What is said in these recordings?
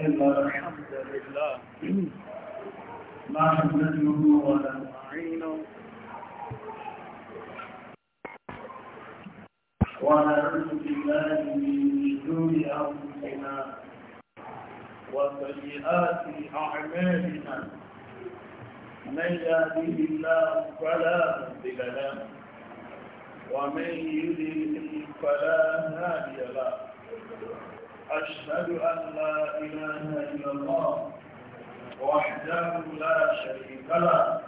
إن الحمد لله نحمده ونستعينه ونعوذ بالله من شرور أنفسنا وسيئات أعمالنا من يهده الله فلا مضل له ومن يضلل فلا هادي له أشهد أن لا إله إلا الله وحده لا شريك له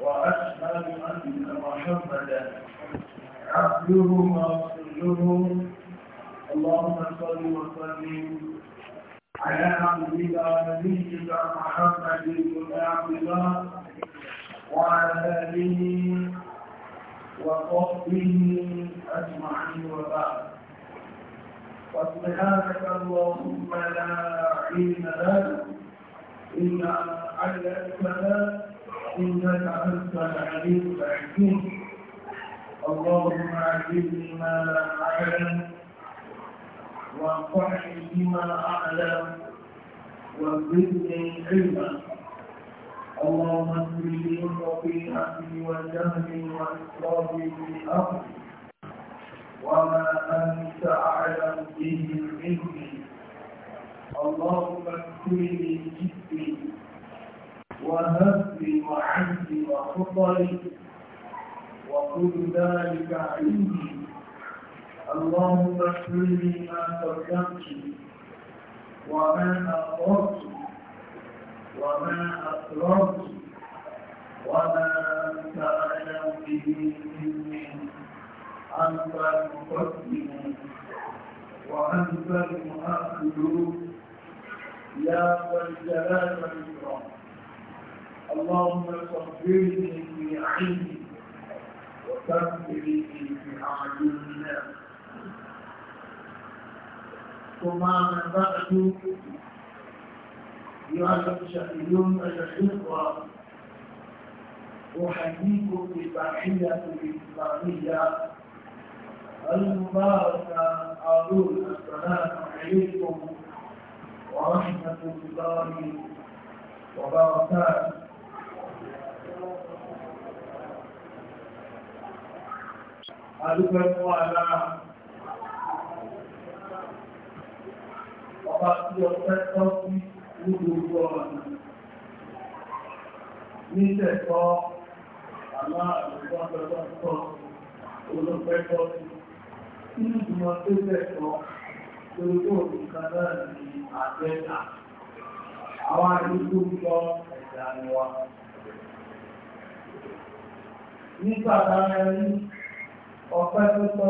وأشهد أن محمدا عبده ورسوله اللهم صل وسلم على عبدك ونبيك محمد بن عبد الله وعلى آله وصحبه أجمعين وبعد فسبحانك اللهم لا علم لنا إلا علمتنا إنك أنت العليم الحكيم اللهم علمني ما لا أعلم وانفعني بما أعلم وزدني علما اللهم اغفر لي اهلي وجهلي وإسرافي في أمري وما أنت أعلم به مني اللهم اكفني جسمي جدي وهبي وعندي وخطري وكل ذلك عندي اللهم اكفني ما قدمت وما أخرت وما أسررت وما أنت أعلم به مني أنت المقدم وأنت المؤخر يا ذا الجلال والإكرام اللهم صبرني في عيني وكبرني في أعين الناس ثم من بعد يعلم شهيون الإخوة أحييكم بالتحية الإسلامية المبارك أقول السلام عليكم ورحمة الله وبركاته Adúgbẹ́ fún àlára ọba tí ọpẹ́ tọ́ sí ní gbogbo ọ̀nà ní tẹ̀kọ́ àlára ìgbọ́n tọ́tọ́ olóòpẹ́ tọ́ sí. nínú ìgbìmọ̀ tó lẹ́kọ̀ọ́ lórí tó nǹkan ní àgbẹ́ta àwọn àdúgbò ń ẹ̀dà ni wa. ọpẹ́ tó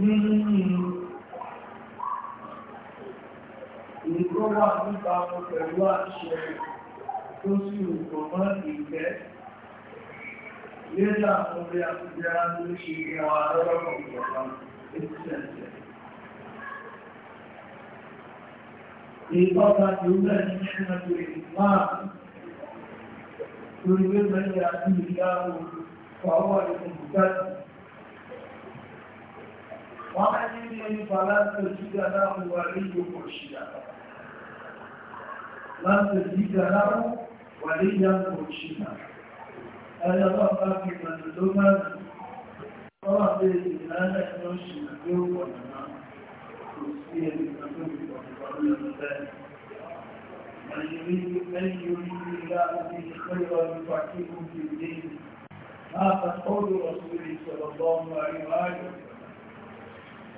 tọ́ èyí tó wà nípa pẹ̀lú àṣẹ tó sì rò mọ́ ìgbẹ́ yẹ́dà orí àtúgbẹ́ àti ṣe ìwà lọ́rọ̀ ìjọba ìpínlẹ̀ Ìtọ́ta tí ó bẹ̀rẹ̀ ní ẹ̀nà tó lè máa lórí wé mẹ́rin àti ìyá òun ومن يؤمن فلن تجد له وليا مرشدا لا تجد له وليا مرشدا هذا الله في مندوبا طلب الإيمان أنه شنجوه ونما وصية المندوب وقال ذلك من يريد أن يريد الله به خيرا يفكره في الدين هذا قول رسول الله صلى الله عليه وآله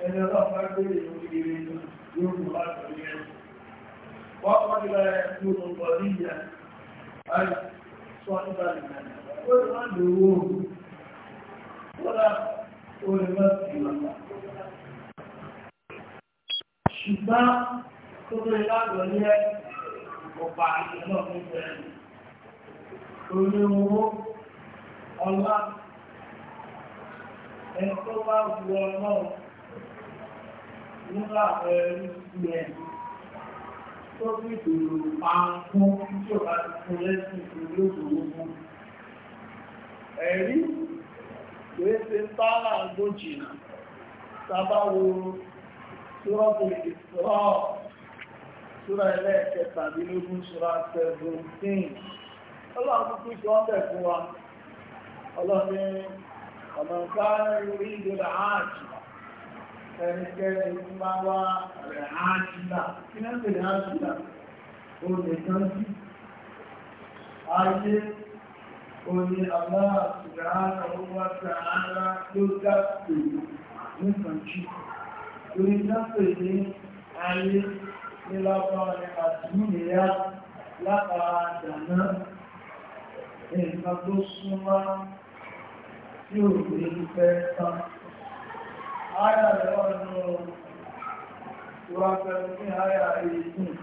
ẹni ọlọ́run bá gbé ní ìyá ayé sọ nípa ìgbà ó lè má lò ó kódà ó lè má sì wà. ṣùgbọ́n tó lè lágbọ̀ ní ẹ̀ ọ̀pá ìjọba fún ìfẹ́ torí owó ọlá ẹni tó bá nígbà ẹ̀rí ilẹ̀ tó fi ìdòrò máa fún tí ó bá ti fún lẹ́sìn ìlú òṣòwò ẹ̀rí pèsè tààlà gbójìnà sábáwo ṣúrọ́bù ìṣọ́ ṣúra ẹlẹ́ẹ̀kẹtàdínlógún ṣúra 17 ọlọ́run tó ṣe ọ́bẹ̀ fún wa ọlọ́run ọmọ ìkáàrin orí ìdòrò ààjì ẹnikẹ́ni tí máa wá rẹ̀ áṣìlá kí náà pè áṣìlá o lè tán sí ayé oní aláàtìrá àwọn àtàrà ló dápè nìkànjú orí dápè ní ayé ní lábára àtìmìyà lábára àdàná ẹ̀ka tó súnmọ́ tí ò lè fẹ́ tán àyà rẹ̀ wọ́n nù ìwà pẹ̀lú ní àyà ìyìn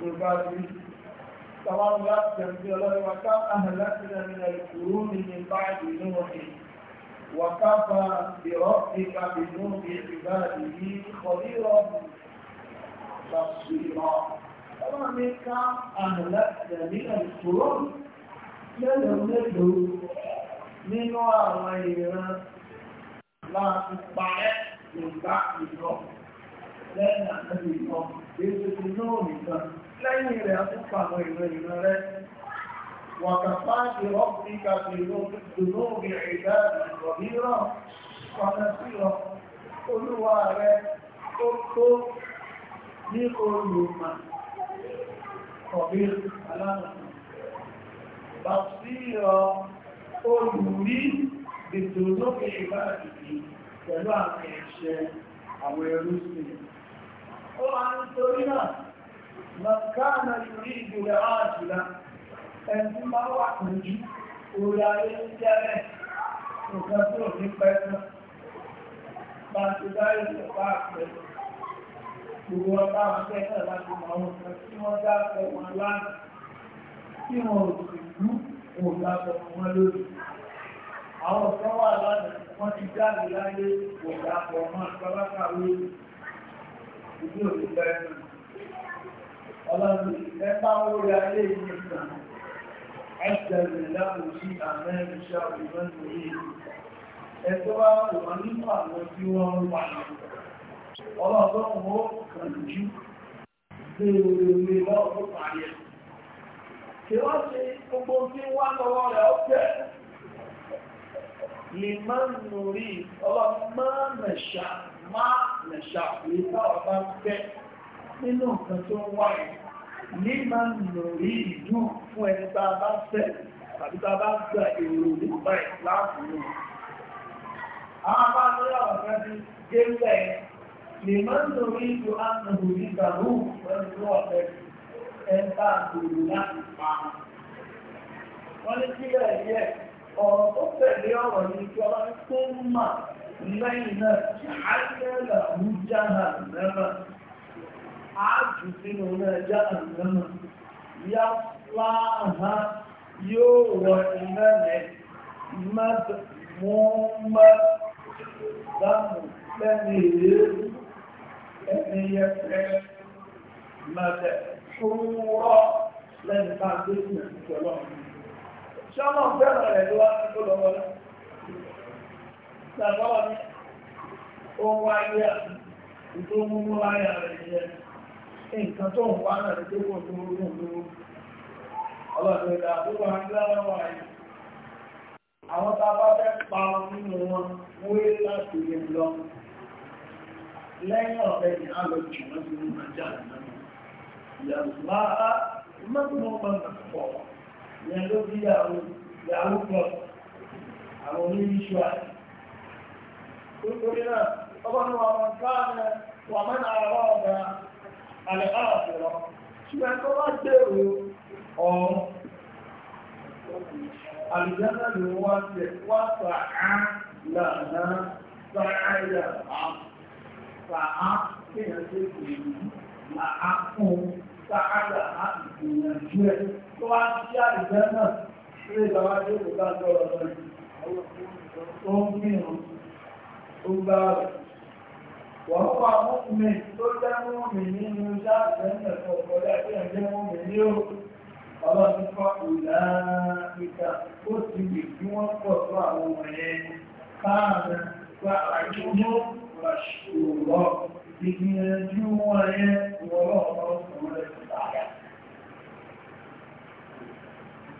tó bá rí tàwọn láti ẹ̀mí ọlọ́rin wà ká àhàláti ẹ̀mìnà ìkúrú ní ní báyìí ní wọ̀nyí wà ká bá ìrọ́ ìkàbí ní ìbáyìí ní kọ̀lírọ̀ tàbílọ̀ ọlọ́run ní ká àhàláti ẹ̀mìnà ìkúrú láti parẹ́ ìgbà ìlọ lẹ́yìn àtẹ́lẹ̀ ìlọ èso ti náà nìkan lẹ́yìn rẹ̀ àtúpà àwọn ìran ìran rẹ̀ wàkàfá ti rọ́pì kàfì ìlú òbí ìdá ìrọ̀bí ràn pàtà sí lọ olúwa rẹ̀ tó tó ní olùmà ọ̀bí aláàmà bàbí olùrí ètò lókè ìbáàdìdì pẹ̀lú àwọn ẹ̀ṣẹ̀ àwọn ẹrú sí ó wá ń torí náà mọ̀kánà ìrí ìgbòrò àjùlá ẹ̀sùn máa wà pẹ̀lú orí ayé ń jẹ́rẹ̀ nǹkan tó ní pẹ́sán bá ti dáyé ìjọba àpẹẹrẹ gbogbo ọba àpẹẹ náà láti mọ àwọn nǹkan tí wọ́n dá fẹ́ wọn lánàá tí wọn ò sì rú òun lábọ̀ lórí àwọn ọ̀sán wà lánàá wọ́n ti jáde láyé òkà pọ̀ mọ́ ìdí òṣìṣẹ́ ẹ̀nà ọlọ́run ẹgbà orí ayé ìgbésà ẹgbẹ̀rẹ̀ láàrùn sí àmẹ́rin iṣẹ́ òṣìṣẹ́ ìgbésà ẹgbẹ́ wá wọ́n nínú àwọn tí wọ́n ń wà ọlọ́run ó kàn jú lè má nù rí ọlọ́run má nàṣà má nàṣà èyí táwọn bá ń fẹ́ nínú nǹkan tó ń wà yìí ní má nù rí ìdú fún ẹni tá a bá fẹ́ tàbí tá a bá gba èrò nípa ẹ̀ láàbù náà. àwọn abáńdéyàwó kan ti gé lẹ́yìn lè má nù rí ìdú ánàbò ní ìdàrú pẹ̀lú ọ̀fẹ́ ẹ̀ ń bá àgbèrè láti pa. wọ́n ní sílẹ̀ yẹ́ ọ̀rọ̀ tó tẹ̀lé ọ̀rọ̀ yìí tí ọlá tó mà lẹ́yìn náà ṣàkẹ́lá ń jáhà mẹ́mà ájù sínú náà jáhà mẹ́mà yá láàá yóò wọ iná rẹ̀ mọ́mọ́ dáàmù lẹ́nu èrè ẹni yẹpẹ mẹ́tẹ̀ fún rọ́ lẹ́nu bá gbé ìrìn ìjọlọ́run ṣọ́nà fẹ́ràn rẹ̀ ló wá sí kó lọ́wọ́ náà. Ṣàbọ̀ ni ohun ayé ìtò múmú ayé rẹ̀ yẹ nǹkan tó ń wá náà tó kò tó rú lówó. Ọlọ́dún ìdá tó wà ní lọ́wọ́ ayé. Àwọn tá bá fẹ́ pa nínú wọn wé láti lè lọ. Lẹ́yìn ọ̀rẹ́ ni a lọ jù wọ́n sí ní Nàìjíríà náà. Ìyàwó máa mọ́tò mọ́tò mọ́tò pọ̀ wọ́n. ìyẹn ló bí ìyàwó pọ̀ àwọn oníṣúà nítorí náà ọgbọ́n ní wọn káàmì wọn mẹ́ta àwọn ọ̀gá alẹ́ á ìgbìyànjú ẹ̀. tó wá sí tó ń gbìyàn nínú iṣẹ́ àìjẹ́ náà tó kọjá pé ní ó ọlọ́run ti kọ́ ìlà ó ti lè kí wọ́n pọ̀ tó àwọn ọmọ yẹn káàrin gba àjọmọ́ ìgbìyànjú wọn yẹn ìwọ̀lọ́ọ̀ọ́ ọ̀rẹ́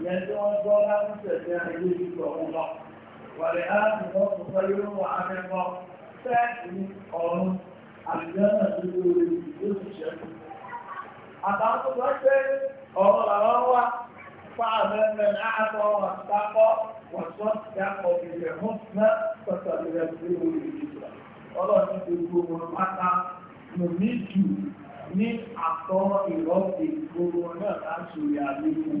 يدعو لا تستجيب لهم والآخرة خير وأبقى تأتي قوم الجنة يخشى أتعرف أكثر أو روى فعلا من أعطى واستقى وصدق بالحسنى فسيسره لليسرى Ọlọ́run ti gbogbo wọn pátá mo ní jù ní àtọ́ ìrọ́pè gbogbo náà láti rí àlékún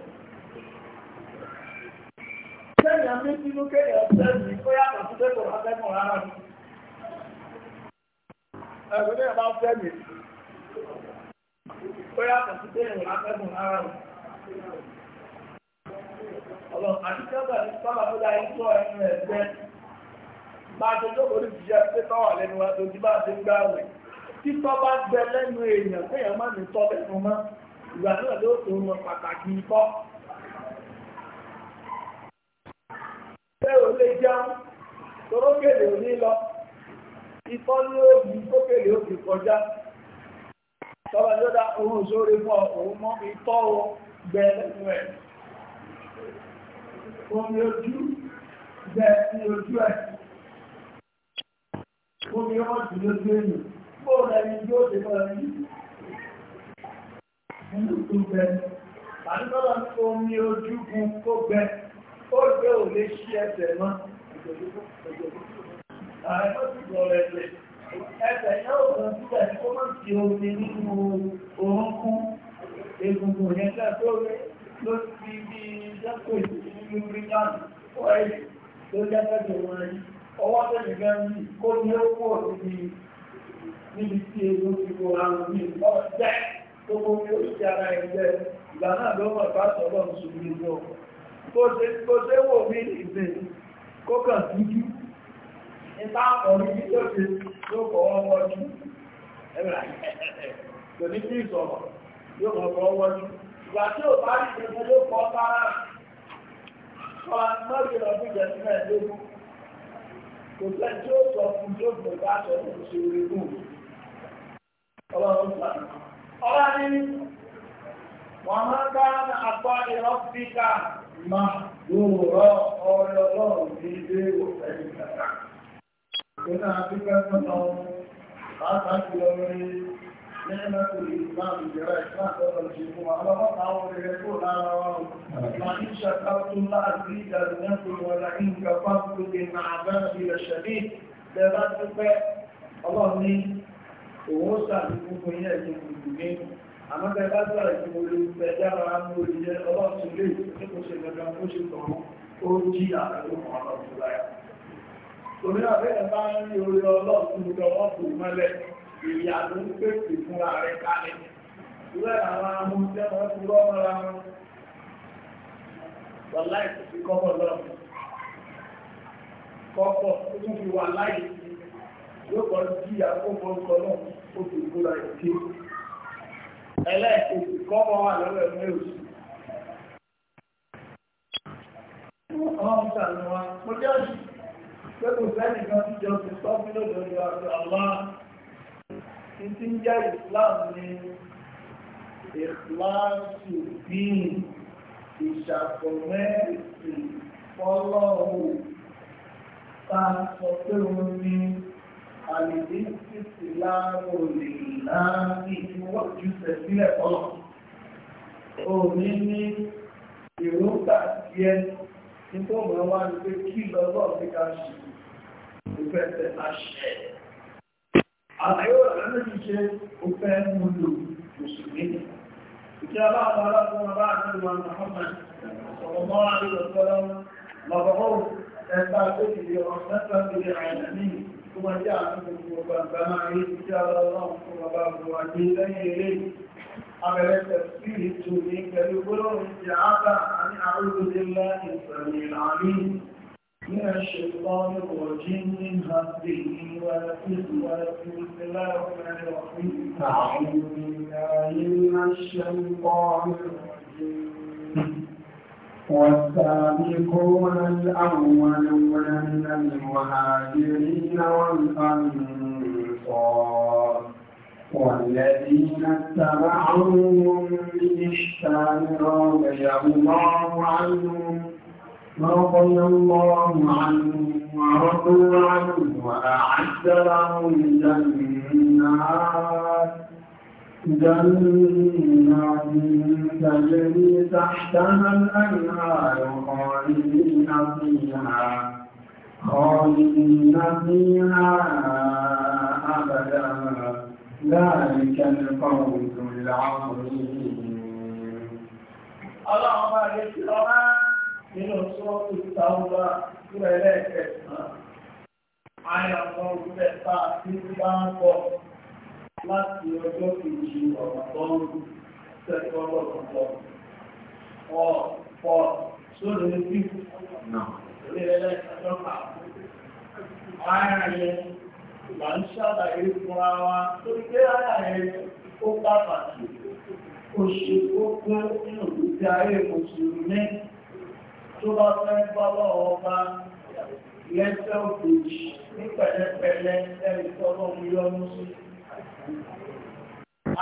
Kẹ́yìn àmì sínú kẹ́yìn ọ̀sẹ̀ yìí kó yàtọ̀ sí pẹ́kọ̀ọ́ akẹ́kọ̀ọ́ rárá ni. Ẹ̀rọ ní ẹ̀bá fẹ́ mi. Kó yàtọ̀ sí pẹ́kọ̀ọ́ akẹ́kọ̀ọ́ rárá ni. Ọlọ́run àti kẹ́kọ̀ọ́ ní sábà ló dáa ikú ẹnu ẹ̀gbẹ́. Bá a ṣe jókòó ní ìṣiṣẹ́ pé tọ́wà lẹ́nu wa tó ti bá a ṣe ń gbáwẹ̀. Títọ́ bá gbẹ lẹ́nu èèyàn kéèyàn má ní tọ́ lẹ́nu mọ́. Ìgbà náà ló tó pàtàkì ikọ́. bẹ́ẹ̀ ò lè jẹun torókèlè ò ní lọ ikọ́ ní òbí kókèlè òbí kọjá tọ́lá yóò dá òun sórí fún òun mọ́ itọ́ o gbẹ lẹ́nu ẹ̀ omi ojú gbẹ ní ojú ẹ̀ omi ọmọdé lójú ẹ̀yìn bóòlù ẹni yóò dé mọ́ ẹni nínú tó gbẹ àti tọ́lá ní omi ojú gun kó gbẹ ó gbé ò lè ṣí ẹsẹ̀ mọ́ ẹsẹ̀ yẹn ò kàn síbẹ̀ kó má ti omi nínú orúnkún egungun yẹn ká tó rí ló ti bí jẹ́pọ̀ ìlú bíkánì ó ẹ̀yẹ tó jẹ́pẹ̀tẹ̀ wọn rí ọwọ́ tó lè gan ní kó ní ó kú òbí níbi tí egun ti wo àrùn ní ọ̀jẹ́ tó kó ní oríṣi ara ẹgbẹ́ ìgbà náà ló mọ̀ kó ṣe wò mí ìsìn kó kàn tújú ìtàkọ̀ ní bí ó ṣe tó kọ̀ ọwọ́ jù kò ní bí ìsọ̀rọ̀ yóò kọ̀ ọkọ̀ ọwọ́ jù ìgbà tí ò bá rí ìṣẹ́fẹ́ ló kọ́ sára kọ́ mọ́rin ọdún jẹ́sílẹ̀ lógún wọ́n dáa àpá ìrọ́píkà máa yóò rọ ọ̀rẹ́ ọlọ́run ní ilé ìwòsàn ìgbàlá. Ìgbóná Afíkà sọ́nà ọmọ pàtàkì lọ́rí nẹ́ẹ̀mẹ́kù ìsìláàmù ìjẹ́rẹ́ ìsìláàmù ọ̀rọ̀ ṣe fún wa lọ́pàá àwọn obìnrin kò lára ọrùn. Màá ń ṣàkàtú láti ìdàrú mẹ́kù wọlé ìǹkà máa bẹ́ẹ̀ bí ẹ̀ṣẹ̀ ní ìdẹ́rẹ́ dúpẹ́ ọlọ́run ní òun ó sàbí gbogbo àmọ́tẹ́ bá sọ̀rọ̀ tí mo lè fẹ́ dára mú olùyẹ ọlọ́sùn lè tí kò ṣe gbẹ̀gbẹ̀ mú ṣe tọ̀rọ̀ ó jí àtàlù ọlọ́sùn láyà torí àbẹ́rẹ̀ bá ń rí orí ọlọ́sùn lọ́wọ́ kò mọ́lẹ̀ ìyá ló ń pèsè fúnra rẹ̀ kalẹ̀ ìwé àwọn amúnjẹ́ wọn ti rọ́ mọ́ra wọn wọ́n láì fi kọ́kọ́ lọ́rùn kọ́kọ́ ó tún fi wà láì yóò kọ́ jíyà kó mọ́ náà ó ti kóra ìdí ẹlẹ́ẹ̀kejì kọ́mọ wà lọ́wọ́ ẹ̀mí òsì. Ọlọ́run sàánú wa, mo jẹ́ òsì pé kò sẹ́nì kan tí jọ sí sọ́fí lọ́dọ̀ọ́dọ̀ àti àlá. Títí ń jẹ́ Islam ni ìkláàsì bíi ìṣàkọ̀mẹ́rìsì fọ́lọ́run. Ta sọ pé òun ni àlèdè títí láàrùn olè láàrin ìwọ́n ju tẹ̀sílẹ̀ tọ́lọ̀ òní ní ìrógbà díẹ̀ ní tó mọ̀ wá ní pé kí lọ́lọ́ ní ká ṣe òfẹ́fẹ́ àṣẹ àlàyé ọ̀rọ̀ lẹ́nu ṣe òfẹ́ mú lò mùsùlùmí ìjẹ́ aláàbọ̀ aláàbọ̀ bá àti ìwà Muhammad ọ̀pọ̀ àríwọ̀ sọ́lọ́ lọ́gbọ̀gbọ̀ ẹ̀ta tó ثم جاءكم ربما إن شاء الله ثم بابوا عجيب إليه عمل التفسير توليك بقلوب استعاذة أن أعوذ بالله السميع العليم من الشيطان الرجيم من همزه ونفسه ونفسه بسم الله الرحمن الرحيم أعوذ بالله من الشيطان الرجيم والسابقون الأولون من المهاجرين والأنصار والذين اتبعوهم بإحسان رضي الله عنهم رضي الله عنهم ورضوا عنه وأعد لهم جنات جنات تجري تحتها الأنهار خالدين فيها خالدين فيها أبدا ذلك الفوز العظيم اللهم بارك لنا من صوت التوبة إلى إليك آية الله تبارك láti ọjọ́ kejì ọ̀pọ̀tọ́n sẹ́kọ̀ọ́ ọ̀pọ̀tọ́ ọ̀pọ̀ sórí ní bí orí ẹlẹ́ẹ̀kọ́ kà ara yẹn là ń ní pẹ̀lẹ́pẹ̀lẹ́ ẹni tọ́lọ́mú yọ́nú sí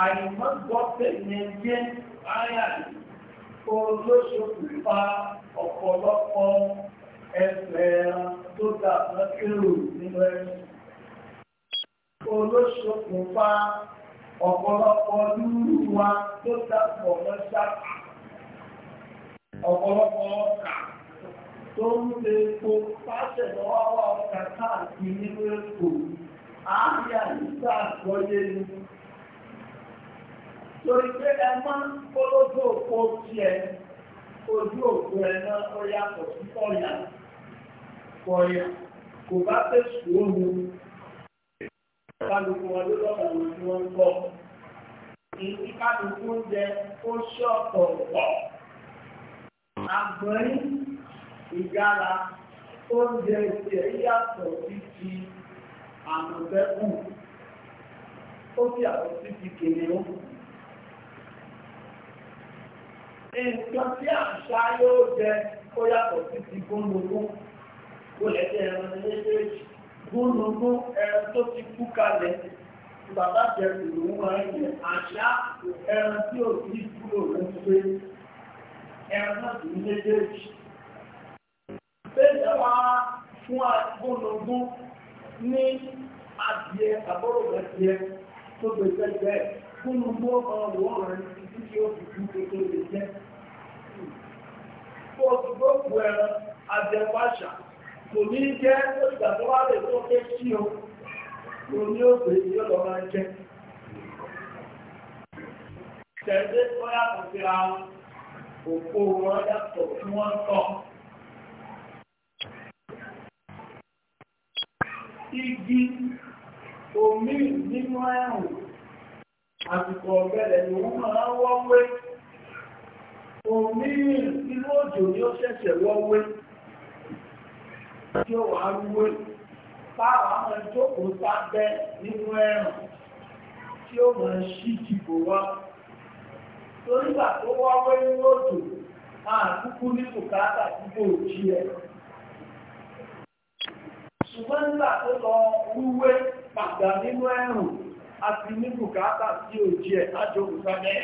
àìmọ́gbọ́pẹ̀ yẹn jẹ́ àyà olóṣòkùnfà ọ̀pọ̀lọpọ̀ ẹ̀fẹ̀ tó dàbọ̀ kérò nínú ẹ̀sùn olóṣòkùnfà ọ̀pọ̀lọpọ̀ lúrú wa tó dàpọ̀ lọ́sà ọ̀pọ̀lọpọ̀ ọkà tó ń lè po pàṣẹ lọ́wọ́ ọkà káàkiri nínú ẹ̀kọ́ àáyà nígbà àgbọ́yé ni torí pé ẹ má kólójú òpó tiẹ̀ ojú òpó ẹ náà ó yàtọ̀ sí kọ̀yà kọ̀yà kò bá fẹ́ sùúrù kálukú wọn ló lọ́nà àwọn tí wọ́n ń bọ̀ èyí kálukú ń jẹ ó ṣọ̀tọ̀ pọ̀ àgbọ̀nyín ìgara oúnjẹ ìṣẹ̀ yàtọ̀ sí ti àmọ̀tẹ́kùn ó fi àwọn títí kèrè ó nǹkan tí àṣà yóò jẹ ó yàtọ̀ sí ti gúnnugún ó lẹ́jẹ̀ ẹran méjèèjì gúnnugún ẹran tó ti kú kalẹ̀ bàbá jẹ kùrù wọn jẹ àṣà ẹran tí ò sí kúrò ló ń pé ẹran náà sì méjèèjì. Bẹ́ẹ̀ wá fún agbónogún ní adìẹ àbọ̀rọ̀ adìẹ tó gbèsè jẹ fún un bó ọmọ wọn títí tí ó fi kú tó tó lè jẹ. Fún òṣùgbó kù ẹran adìẹpàṣà kò ní jẹ́ ìgbà tó wá lè tó ké sí o kò ní ó gbé tí ó máa jẹ. Tẹ̀lé ó yàtọ̀ síra òpó wọn yàtọ̀ tí wọ́n igi omi nínú ẹ̀rùn àsìkò ọ̀gẹ̀dẹ̀ ni wọ́n máa wọ́wé omi inú òjò ni ó ṣẹ̀ṣẹ̀ wọ́wé tí ó wà wúwé táwọn àwọn ìjókòó sábẹ́ nínú ẹ̀rùn tí ó máa ṣí ìdìbò wá torí gbà tó wọ́wé nínú òjò máa kúkú ní bùkátà tí kò jí ẹ̀. ṣùgbọ́n nígbà tó lọ wúwé padà nínú ẹ̀rùn àti ní bùkátà sí òjì ẹ̀ lájòkù sábẹ́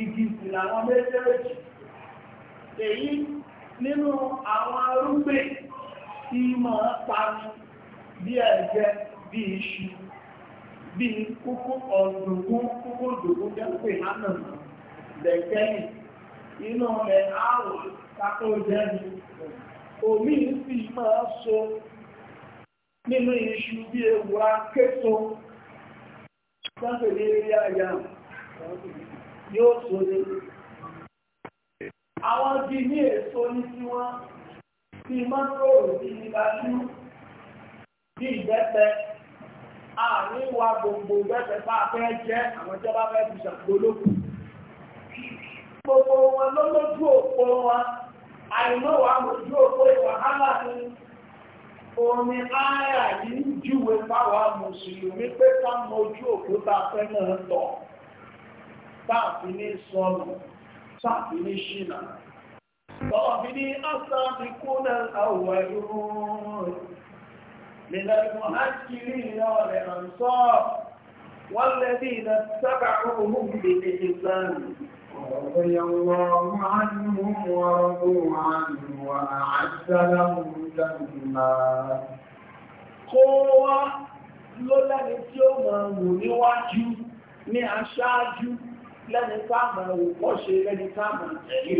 igi ìsìn àwọn méjèèjì èyí nínú àwọn arúgbìn tí mọ̀ ń pani bí ẹ̀jẹ̀ bí iṣu bí kókó ọ̀dùnkún kókó ọ̀dùnkún jẹ́pẹ̀ hánà lẹ́gbẹ̀yìn inú rẹ̀ omi sì máa so nínú iṣu bí ewúra késo sáfẹ́ ní eré àyà yóò tó ní àwọn bí ní èso ní tí wọ́n ti mọ́tòrò sí ní bájú bí ìbẹ́pẹ àárín wa gbogbo ìbẹ́pẹ bá fẹ́ jẹ́ àwọn ìjọba fẹ́ fi gbogbo wọn òpó wọn òpó ìwàhálà omi àyà yìí júwe fáwa mùsùlùmí pé ká mọ ojú òkúta fẹ́ náà tọ̀ táàfi ní sọnù táàfi ní ṣìnà. Tọ́ọ̀bí ní Asáàbí kúnlẹ̀ àwọ̀ ẹ̀rùn lẹ́nà ìmọ̀hájìrì ìrọ̀lẹ̀ àǹsọ́ wọ́n lẹ́bí ìdá sábà òhun bèbè ìsànù. رضي الله عنهم ورضوا عنه وأعد لهم جنة قوة ló lẹ́ni tí ó máa wù níwájú ní aṣáájú lẹ́ni táàmà òkọ́ṣe lẹ́ni táàmà tẹ̀lé.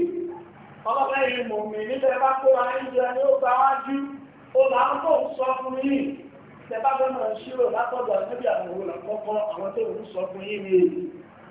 Ọlọ́lẹ́yìn mọ̀mí nílẹ̀ bá kó ra ìjọ ni ó bá wájú, ó máa ń kó sọ fún yìí tẹ́bá fẹ́ ṣírò látọ̀dọ̀ níbi àwọn òun àkọ́kọ́ àwọn tó ń sọ fún yìí ní èyí.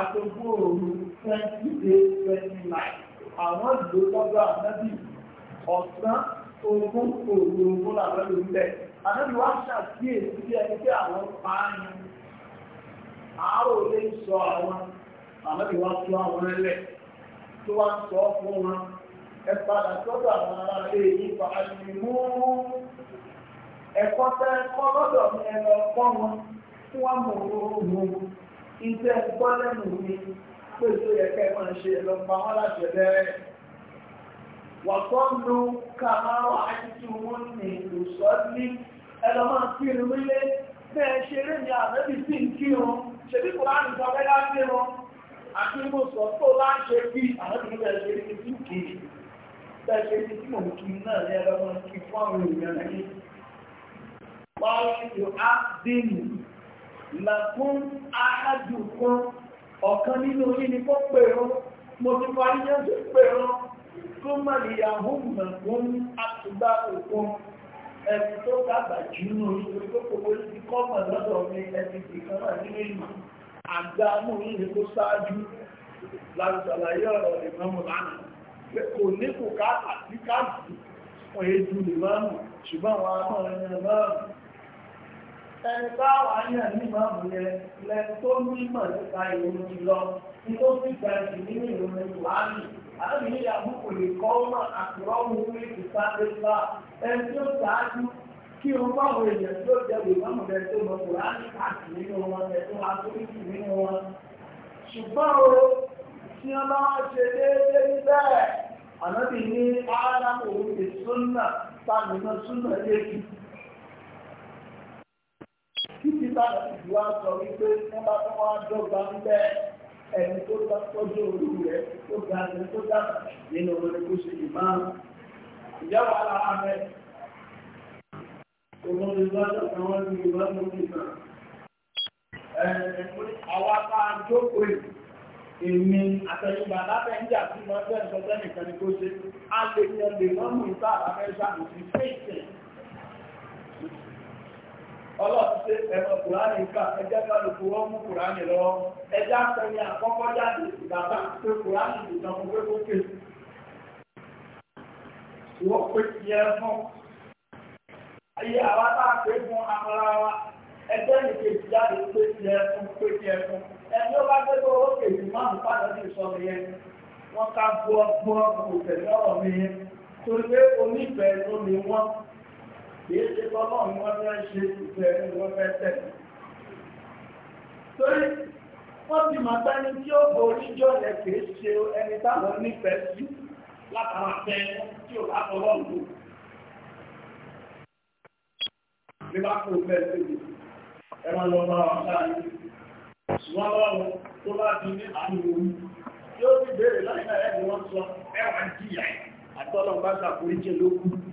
àtòkú òru twenty eight twenty nine àwọn ìlú lọ́gbà ànábì ọ̀sán ogún òru ogún làwọn ìlú bẹ̀. ànábì wá ṣàkíyèsí bí ẹni pé àwọn pààyàn àárò lè sọ àwọn ànábì wá tó àwọn ẹlẹ̀ tó wá ń sọ fún wọn ẹ padà sọ́dọ̀ àwọn ará ilé yìí pàdé mú ẹ̀kọ́ tẹ́ kọ́ lọ́dọ̀ mi ẹ lọ kọ́ wọn fún wọn mọ̀ ọ́ iṣẹ́ gbọ́ lẹ́nu mi pé tó yẹ kẹ́ máa ṣe lọ pa wọ́n láti ẹ̀dẹ́rẹ́. Wàkọ́nu kàmáwá àti wọn ní ìlúsọ ní ẹlọ máa fi irun nílé bẹ́ẹ̀ ṣeré ní àbẹ́bí sí ń kírun ṣèbí kò láti sọ pé láti wọn àti mo sọ tó láṣẹ bí àbẹ́bí bẹ́ẹ̀ ṣe ní sí kì í bẹ́ẹ̀ ṣe ní sí òun kì í náà ní ẹlọ kí fún àwọn èèyàn lẹ́yìn. Wọ́n yóò á dín nù làkún áhájù kan ọ̀kan nínú yín ni kó pèrò mo ti parí yẹn tó pèrò tó má lè yàhó mọ̀kún àtúgbà òkun ẹni tó dàgbà jù nù nítorí tó kò wọlé ti kọ́ mọ̀ lọ́dọ̀ mi ẹni tì kan náà nínú ìmọ̀ àgbà mú yín ni kó ṣáájú láti ṣàlàyé ọ̀rọ̀ ìmọ̀mù ẹni táwọn àyàn ní màmú yẹn lẹ tó mímọ̀ nípa ìròyìn jùlọ ní tó fi gbà jù nínú ìròyìn wàhálì àbí ní àbúkù lè kọ́ mọ́ àkùrọ̀ mú ní ìsáré bá ẹni tó ṣáájú kí o bá wo èèyàn tí ó jẹ́ ìmọ̀mù rẹ tó mọ̀ kò láti káàkiri nínú wọn rẹ tó wá tó kìkì nínú wọn. ṣùgbọ́n o tí wọ́n bá ṣe déédéé ní bẹ́ẹ̀ ànábì táwọn ìlú wa sọ wípé wọ́n bá tún wá dọ́gba ń bẹ́ ẹni tó bá tọ́jú olú rẹ̀ tó ga ẹni tó dàgbà nínú orin kó ṣe ìmáà. Ìjọ wa la amẹ. Òun ni wọ́n lọ sí wọ́n ní ìwọ́n ní ìgbà. Àwọn apá àjókòó èmi àtẹ̀yìnbà lábẹ́ ń jà sí mọ́tẹ́ ìsọtẹ́ ni kó ṣe. A lè yan lè mọ́mú ìta àbáfẹ́ ṣàkóso fèsì ọlọ́run ṣe ẹ̀mọ̀ kùránì ká ẹjẹ́ kálukú wọ́n mú kùránì lọ́wọ́ ẹjẹ́ akọni àkọ́kọ́ jáde bàbá pé kùránì ìtàn fún pé kókè wọ́n pè tiẹ̀ fún ayé àwa tá a pè fún amara wa ẹjẹ́ nìkejì jáde pé tiẹ̀ fún pé tiẹ̀ fún ẹni ó bá gbé tó ó kèjì máa ń padà sí ìsọmi yẹn wọ́n ká gbọ́ gbọ́ kò tẹ̀lé ọ̀rọ̀ mi yẹn torí pé onífẹ̀ẹ́ ló ní wọ́n kìí ṣe bọ́lọ́ ni wọ́n fẹ́ ṣe ìfẹ́ ni wọ́n fẹ́ ti máa bẹ́ni tí ó borí jọ yẹ kìí ṣe ẹni táwọn nífẹ̀ẹ́ sí látara fẹ́ tí ò bá fọwọ́ lò. bí bá kó fẹ́ síbi ẹ máa lọ bá wọn láàyè ṣùgbọ́n lọ́wọ́ tó bá di ní àánú omi yóò ti béèrè láyé náà ẹ̀ ni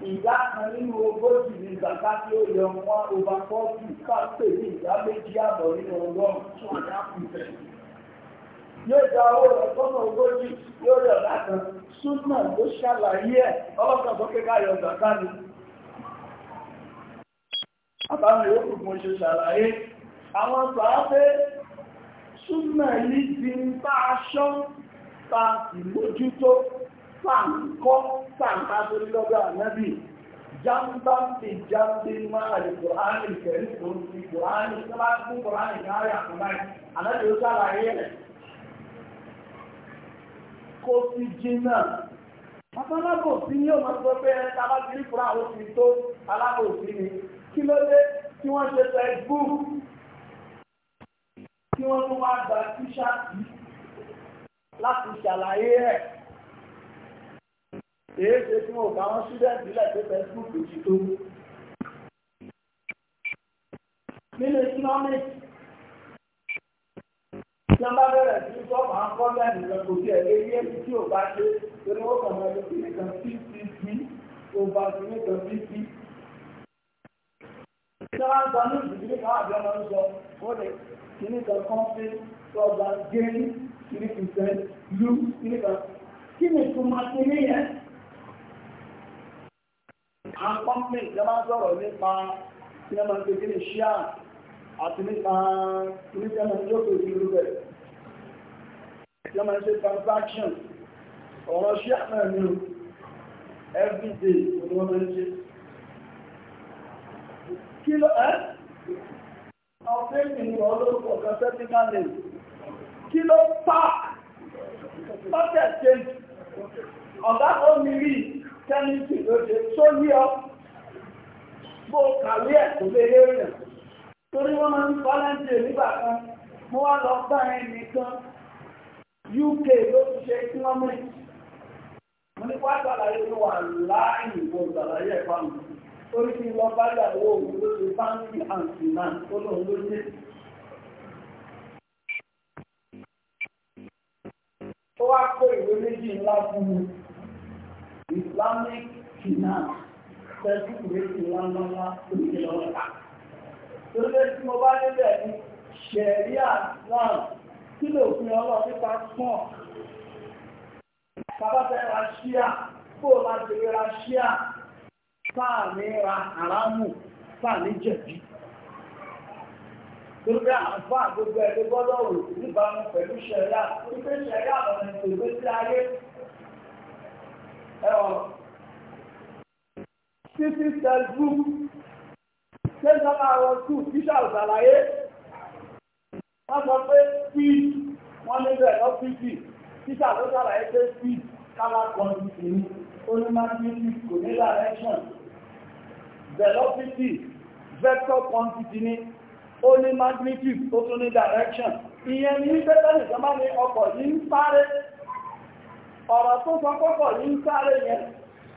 ìdá kan nínú ogójì ní gbàgbá tí ó yọ wọn ọba fọ́ọ̀tì káàpè ní ìdá méjì àbọ̀ nínú ọgọ́rùn-ún tí wọ́n yá kù fẹ̀. yóò da owó rẹ̀ sọ́nà ogójì yóò yọ̀ lákan súnmọ̀ ló ṣàlàyé ẹ̀ ọlọ́kan sọ pé káyọ̀ gbàgbá ni. àbámu yòókù mo ṣe ṣàlàyé àwọn sàáfẹ́ súnmọ̀ yìí di ń bá aṣọ ta ìmójútó sàǹkọ́ sàǹkà torí lọ́dọ̀ ànábì jáǹbá ti jáǹbé máa lè kùránì kẹ̀rí tó ń fi kùránì sábà fún kùránì káàrí àkùnláì ànábì ó sàlàyé rẹ̀ kó sí jìnnà Àtàlábò sí ní ọmọ tó pé alágbèrí fúra àwọn òfin tó alábò sí ni kí ló dé tí wọ́n ṣe Facebook kí wọ́n tún wá gba tíṣàtì láti ṣàlàyé ẹ̀ èyí ṣe tí wọn ò bá wọn ṣúdẹ́ǹtì lẹ́gbẹ́ facebook ti tó. nínú economics tí wọ́n bá bẹ̀rẹ̀ sí sọ́ọ̀mù akọ́lẹ́nì lọ kò sí ẹ̀rẹ́ yé tí ò bá ṣe torí ó kàn máa lókè nìkan ppp ògbà sí nìkan pp. tí wọ́n ń sọ ní ìdílé kan àbí ọmọ ń sọ ó lè kíní kan kan sí sọ́ọ̀gbà gẹ́ẹ́lì kíní kìí sẹ́ẹ̀ lú kíní kan kí ni kò máa ṣe níyẹn àwọn pọ́ńpì tí wọ́n máa sọ̀rọ̀ nípa tí wọ́n máa ń pèsè ní ṣíà àti nípa ilé tí wọ́n máa ń jókòó sí irú rẹ̀ ń ṣe transaction ọ̀rọ̀ ṣíà náà ni o everyday ni wọ́n máa ń ṣe. kí ló ẹ́ ọ̀fẹ́ ìrìnà olórúkọ kan sẹ́tíkà lè kí ló pààkì pàtẹ́ẹ̀kì ọ̀gá ó ní rí tẹ́lifí ló ṣe tó yí ọ bó kàwé ẹ̀ kò lé rẹ̀ torí wọ́n máa ń fọ́lẹ́ǹtì nígbà kan mo wá lọ bá ẹ nìkan UK ló ti ṣe economic mo ní wá ṣàlàyé ló wà láàyè mo ṣàlàyé ẹ̀ fáwọn torí kí n lọ bá yàwó òun ló ṣe báńkì àǹtí náà tó lóun ló ṣe. ó wá kó ìwé méjì ńlá fún mi. Islamic finance tẹ́sí ìrètí ńláńláńlá lókè lọ́wọ́ ta. Torí pé tí mo bá níbẹ̀ ní Ṣẹ̀ríà náà kí ló fi ọlọ́ nípa pọ̀. Bàbá fẹ́ ra ṣíà, kó o láti rí ra ṣíà, sáà ní ra àrámù, sáà ní jẹ̀bi torí àǹfà gbogbo ẹgbẹ́ gbọ́dọ̀ wò níbàámu pẹ̀lú ṣẹ̀yà wípé ṣẹ̀yà ọ̀nà ìtòwé sí ayé títí tẹ̀síwú tẹ́sán àwọn tún títà òṣàlàyé wọ́n sọ pé speed wọ́n níbẹ̀ lọ fíjì títà tó ṣàlàyé pé speed káwà kan ti ṣe ní onímọ̀tíìtì kò ní velocity vector quantity ní ó ní magnitude ó tún ní direction ìyẹn ní pẹ́tẹ́lì tó máa ní ọkọ̀ yìí ń sáré ọ̀rọ̀ tó sọ pọ́pọ̀ ní sáré yẹn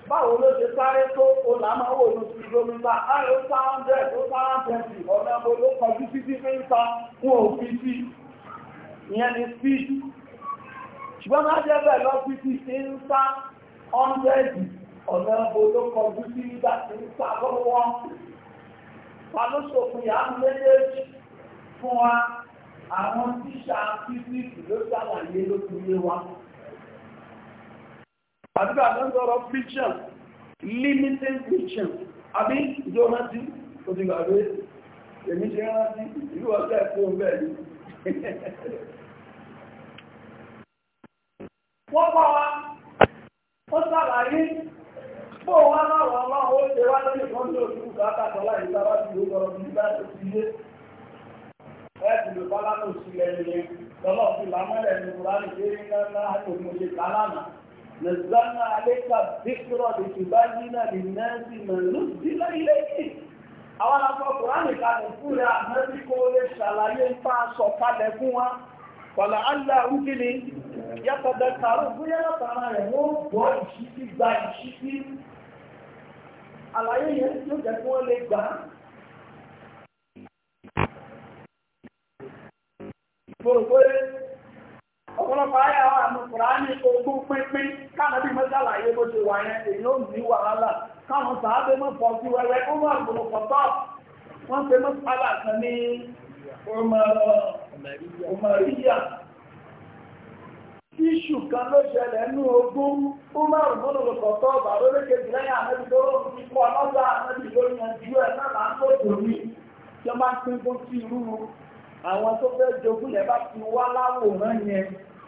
báwo ló ṣe sáré tó o là máa wò ní kìlómítà ayò sáńdẹ tó sáńdẹ̀tì ọ̀nà mo ló kọjú títí fi ń ta fún òfin sí ìyẹn ni speed ṣùgbọ́n máa jẹ́ bẹ́ẹ̀ lọ sí ti ṣe ń sá ọ́ndẹ̀dì ọ̀nà mo ló kọjú sí nígbà tí ń sá lọ́wọ́ ta ló ṣòfin yà á méjèèjì fún wa àwọn tíṣà fífíìsì ló ṣàlàyé ló ti yé wa. àdúgbà lọ́sọ̀rọ̀ friction limited friction àbí jonathan òdìgbàgbé èmi ṣe rántí ìlú ọjọ́ ẹ̀kọ́ bẹ́ẹ̀ ni wọ́n bá wa ó sàlàyé bó wá láwọn ọlọ́run ó ṣe wá lórí ìkan ní òṣùkú kàákàtọ̀ láì sábà tí ó lọ ti yé ní ńlá ńlá àti òmùṣe kálánà نزلنا عليك الذكر لتبين للناس ما نزل إليك àwọn akọ́ kùránì kalẹ̀ fún rẹ̀ àmẹ́bí kó lè ṣàlàyé ń pa aṣọ kalẹ̀ fún wa pọ̀lá allah rúgìlì yàtọ̀dẹ̀ kàrù fún yàtọ̀ra rẹ̀ wọ́n gbọ́ ìṣítí gba ìṣítí àlàyé yẹn tí ó jẹ́ kí wọ́n lè gbà á fòrògbóyé ọ̀pọ̀lọpọ̀ ayé àwọn àmọ̀kùnrin á ní ogún pínpín káàbí mọ́sálà yé bó ṣe wà yẹn èyí ó ní wàhálà káwọn sàábé mọ́ pọ̀ sí wẹ́wẹ́ ó wà gbòòrò pọ̀ wọ́n pe mọ́sálà kan ní ọmọríyà tíṣù kan ló ṣẹlẹ̀ nú ogún ó má gbòòrò pọ̀ tọ́ bàbá olókejì lẹ́yìn àmẹ́bí tó ló fi pọ̀ lọ́gbà àmẹ́bí ló yanjú ẹ̀ náà máa ń tó tòmí tí wọ́n bá ń pín fún sí irú àwọn tó fẹ́ jogún lẹ́ ti wá láwòrán yẹn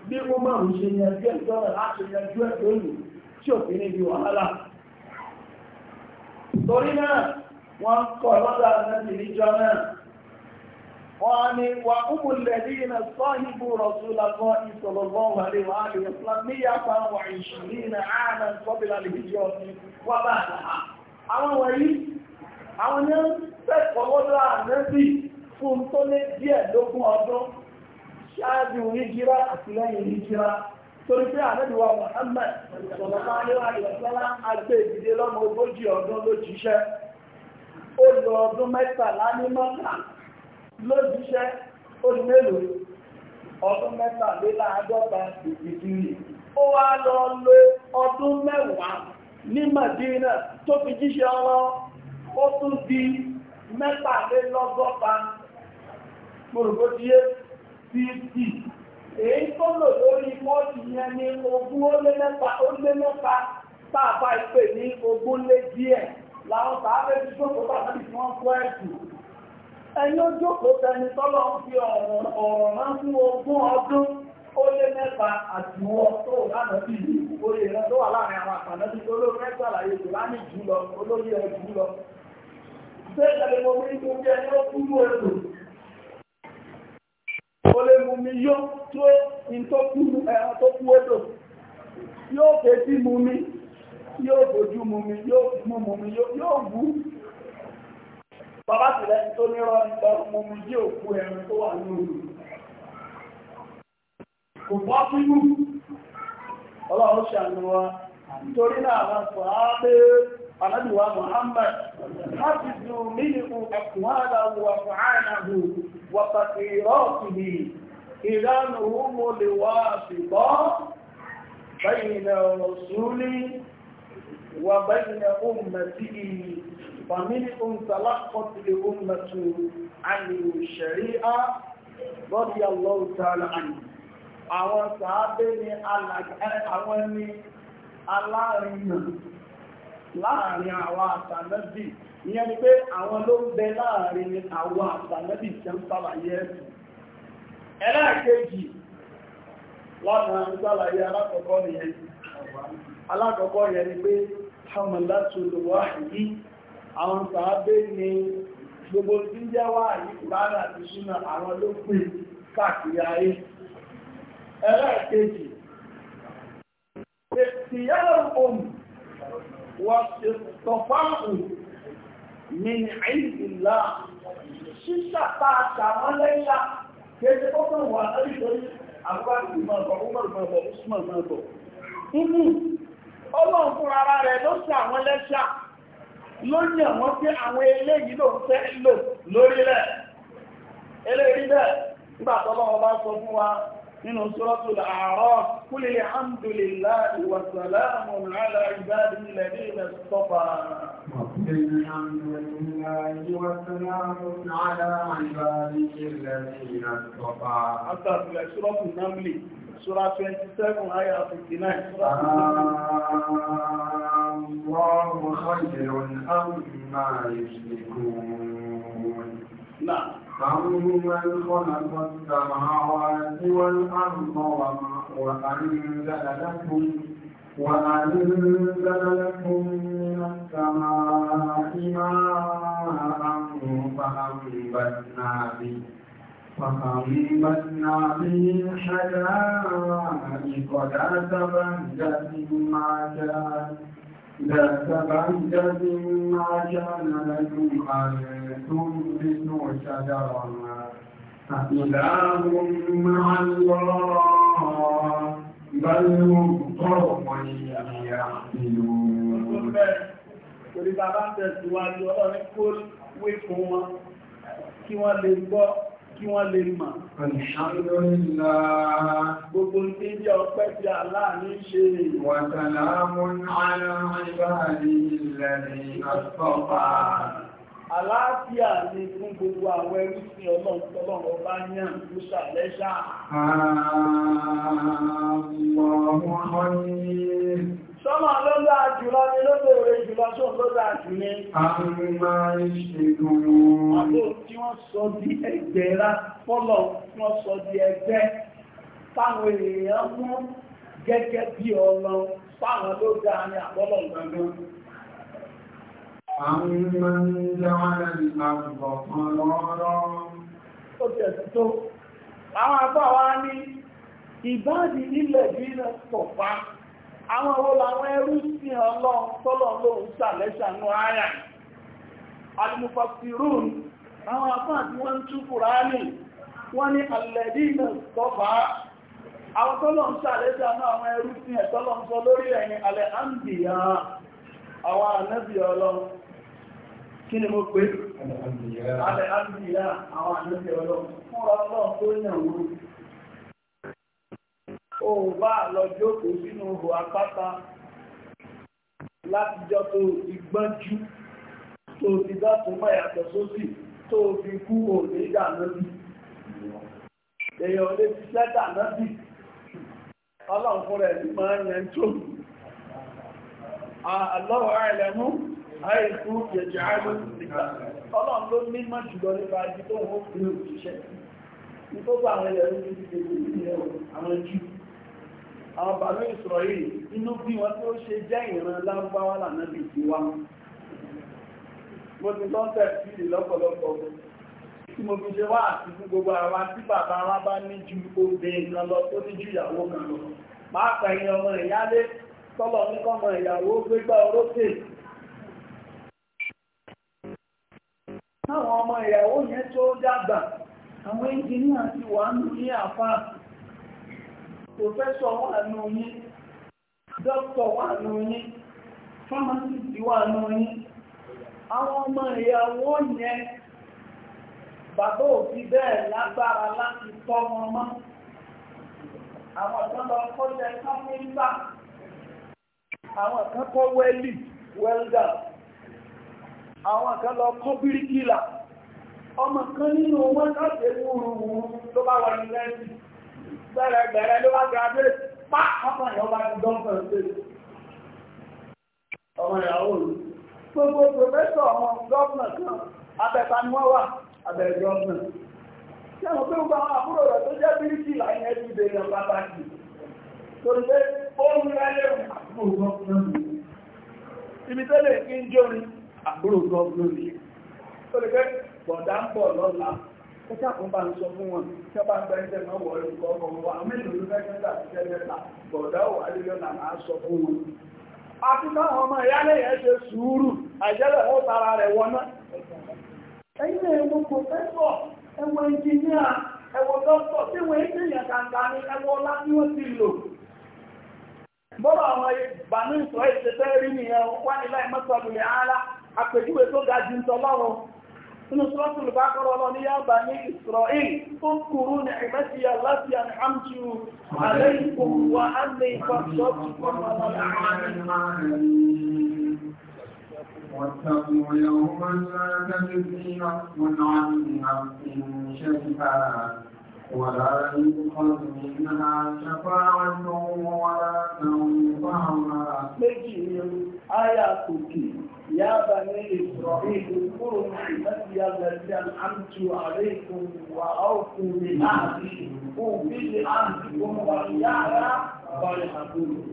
bí ó máa ń ṣe yanjú ẹ̀ tọ́nà láti yanjú ẹ̀ tó lù tí ò fi níbi wàhálà. torí náà wọ́n ń kọ́ lọ́dọ̀ àti níjọ náà wọ́n á ní wà kúkú lẹ́dí iná sọ́hìbù rọ̀túlá kan ìsọ̀lọ́gbọ́n wà lè wà lè wà ní yàpá wà ìṣìlì iná àánà kọ́bìlà lè fi jọ ní wà bá àdáhà. àwọn wọ̀nyí àwọn ní ń fẹ́ kọ́wọ́dọ̀ àná sí fún tó lé díẹ̀ lógún ọdún ṣáájú hijira àti lẹ́yìn hijira torí pé àmẹ́dùwà Muhammad sọ̀rọ̀mọ́ aléwà ìwọ̀sọ́lá agbé ìdílé lọ́mọ ogójì ọdún ló jíṣẹ́ ó lọ ọdún mẹ́tàlá ní mọ́ta ló jíṣẹ́ ó ní mélòó ọdún mẹ́tàléláàádọ́ta ìdílé ó wá lọ lo ọdún mẹ́wàá ní Madina tó fi jíṣẹ́ ọlọ́ ó tún di mẹ́tàlélọ́gọ́ta mo rò bó ti yé fífì èyí tó lò lórí mọ́ọ̀tì yẹn ní ogún ó lé mẹ́ta ó lé mẹ́ta tá a bá ìpè ní ogún lé díẹ̀ làwọn sàábẹ́ ti jókòó tàbí tí wọ́n kọ́ ẹ̀kú ẹni ó jókòó tẹni tọ́lọ́ ń fi ọ̀rọ̀ rán fún ogún ọdún ó lé mẹ́ta àtìwọ́ tó lánàá bí oyè rẹ tó wà láàrin àwọn àpàdánù olóòrùn ẹgbẹ́ àlàyé tó lá ní jù lọ olóyè rẹ jù lọ. ṣé ìṣẹ̀lẹ̀ mo ní gbogbo ẹni ó kú mú ètò ó lè mú mi yó tó in tó kú ẹran tó kú odò yóò fetí mú mi yóò fojú mú mi yóò mú mú mi yóò wú bàbá tìlẹ̀ tó ní rọ́ nípa mú mi jí òkú ẹran tó wà ní òru kò bọ́ sínú ọlọ́run ṣàánú torí náà àwọn sọ̀rọ̀ anábìwá Muhammad hafizu mílíkù ẹ̀kùnwádà wà fàánàhù wà pàtìrọ́ọ̀tìhì ìdánùhù mo lè wá àṣìkọ́ bẹ́yìn rọ̀súlì wà bẹ́yìn ọmọdé فمنهم تلقت لأمة عن الشريعة رضي الله تعالى عنه àwọn sàábé ni aláàrin láàrin àwọn àtàlẹ́bì ìyẹn ni pé àwọn ló ń bẹ láàrin àwọn àtàlẹ́bì tí ń sàlàyé ẹ̀sùn ẹlẹ́ẹ̀kejì lọ́nà sàlàyé alákọ̀ọ́kọ́ ni pé hamalatul wahyi àwọn wọ́pẹ̀tọ̀fáàmù ní àìdìlá ṣíṣàtà àtàwọn lẹ́yà kéde ó kàn wà lórí àbúrádìí máa bọ̀ Umar máa bọ̀ Usman máa bọ̀ inú ọlọ́run fún ara rẹ̀ ló sí àwọn lẹ́ṣà ló yàn wọ́n pé àwọn eléyìí ló fẹ́ lò lórí rẹ̀ eléyìí bẹ́ẹ̀ nígbà tọ́lọ́wọ́ bá sọ fún wa منه سورة الأعراف قل الحمد لله وسلام على عباده الذين اصطفى الحمد لله وسلام على عباده الذين اصطفى حتى في سورة النمل سورة 27 آية 59 الله خير أم ما يشركون نعم أمن خلق السماوات والأرض وأنزل لكم وأنزل لكم من السماء ماء فأنبتنا به فأنبتنا به حدائق ذات بهجة ما جاءت لا تبعدوا ما جعل لكم أنتم بسوء شجرنا أإله مع الله بل هم قوم يعقلون Torí bàbá ń tẹ̀síwájú ọlọ́rin kó wé fún wọn kí wọ́n lè gbọ́ kí wọ́n lè mọ̀. Gbogbo tí ń jẹ́ ọpẹ́ tí Allah ní ṣe ìwàtàlá mún ara ìbáàrí ni fún gbogbo àwọn ẹrú sí ọlọ́run bá yàn ló ṣàlẹ́ṣà. Àwọn ọmọ ọ̀rìn Sọ́mọ̀ ló dá jùlọ ní lókè orí jùlọ tó ló dá jù ní. Àmì máa ń ṣe gbogbo. Àbò tí wọ́n sọ di ẹgbẹ́ rá fọ́lọ̀ wọ́n sọ di ẹgbẹ́ táwọn èèyàn mú gẹ́gẹ́ bí ọlọ fáwọn ló dá ní àbọ́lọ̀ gbọ́ngàn. Àmì máa ń jẹ́ wọ́n lẹ́nu àbùbọ̀ kan lọ́rọ́. Ó ti ẹ̀sìn tó. Àwọn àbọ̀ wa ní ìbáàdì ilẹ̀ bí náà pọ̀ pa. àwọn owó làwọn ẹrú sí ọlọ́run tọ́lọ̀ lóhun sàlẹ́sàánú àyà alimufasirun àwọn afáà tí wọ́n ń tú kùránì wọ́n ní alẹ́dínà sọ́fà àwọn tọ́lọ̀ ń sàlẹ́sàánú àwọn ẹrú sí ẹ̀ sọ lórí ẹ̀yìn alẹ́ àǹdìyà o bá lọ sínú ihò apáta látijọ́ tó ti tó ti dọ́tún sósì tó fi kú òní ìdànàbí èèyàn lè ti sẹ́dà náà ọlọ́run rẹ̀ ní máa ń yẹn tó àlọ́wọ̀ àìlẹ̀mú àìkú yẹ̀jẹ̀ àìlú nígbà ọlọ́run ló mímọ̀ jùlọ nípa ibi tó wọ́n fi òṣìṣẹ́ ní tó bá àwọn ẹ̀yẹ̀ àwọn jù àwọn bàbá ìsọ̀rọ̀ yìí inú bí wọ́n tí ó ṣe jẹ́ ìran lágbáwá lànà bí ti wá mo ti lọ́tẹ̀ sí lọ́pọ̀lọpọ̀ tí mo fi ṣe wá àti fún gbogbo àwa tí bàbá wa bá ní ju obìnrin kan lọ tó ní ju ìyàwó kan lọ máa pa ẹ̀yìn ọmọ ìyálé tọ́lọ̀ ní kọ́mọ ìyàwó gbégbá orókè táwọn ọmọ ìyàwó yẹn tó dàgbà àwọn ẹnjìníà ti wà ní àfáà pòfẹ́sọ̀ wà nù yín dókítọ̀ wà nù yín fámásìtì wà nù yín àwọn ọmọ ìyàwó yẹn bàbá òbí bẹ́ẹ̀ lágbára láti tọ́ wọn mọ́ àwọn kan lọ kọ́ṣẹ́ káfíńtà àwọn kan kọ́ wẹ́lì wẹ́lgà àwọn kan lọ kọ́ bíríkìlà ọmọ kan nínú wọn káṣẹ́ wúruwúru ló bá wà ní lẹ́yìn gbẹ̀rẹ̀gbẹ̀rẹ̀ ló graduate pa gbogbo ọmọ gọ́ọ̀nà kan abẹ́ta ni wọ́n wà abẹ́rẹ́ gọ́ọ̀nà sẹ́wọ̀n pé gbogbo àwọn àbúrò rẹ̀ tó jẹ́ bíríkì láyé pàtàkì ó ń àbúrò gọ́ọ̀nà ibi tẹ́lẹ̀ ẹjá kún bá ń sọ fún wọn tí wọ́n bá ń gbẹ́jẹ́ náà wọ̀ ọ́ lóko ọkọ̀ wọn àwọn ló fẹ́ kẹ́ńtà àti kẹ́ńtà bọ̀dá ò alẹ́yọ́ náà máa sọ fún wọn. ọmọ ṣe sùúrù àjẹ́lẹ̀ ó tara rẹ̀ wọná. tí ń ní ọlá tí ti lò bọ́lá àwọn ìbànú نصرة البقرة لنيا بني إسرائيل اذكروا نعمتي التي أنعمت عليكم وأني فرشتكم على العالمين واتقوا يوما لا تجزي نفس عن نفس شفاعة ولا يؤخذ منها شفاعة ولا تنفعها تجهم آية كوكي يا بني إسرائيل اذكروا نعمتي التي أنعمت عليكم وأوفوا بعهدي أوفي بعهدكم وإياي فارهبون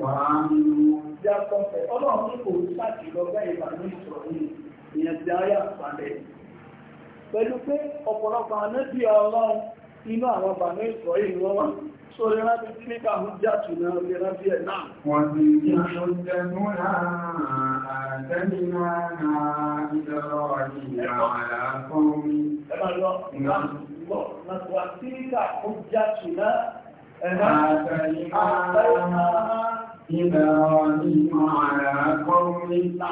وآمنوا Ọlọ́run ní kò sáàkì lọ bẹ́ ìbànú ìsọ̀rọ̀ yìí, ìyẹn ti ayé àpàdé pẹ̀lú pé ọ̀pọ̀lọpọ̀ ànábì ọlọ́run inú àwọn bàmí ìsọ̀ yìí wọ́n wá sórí rántí tí ní káàkùn jàtù náà lè rántí ẹ̀ náà wọ́n ti ní ọjọ́jẹ́nú àtẹ́mìnà ìjọba ìyà àlàkọ́rin ẹ̀bá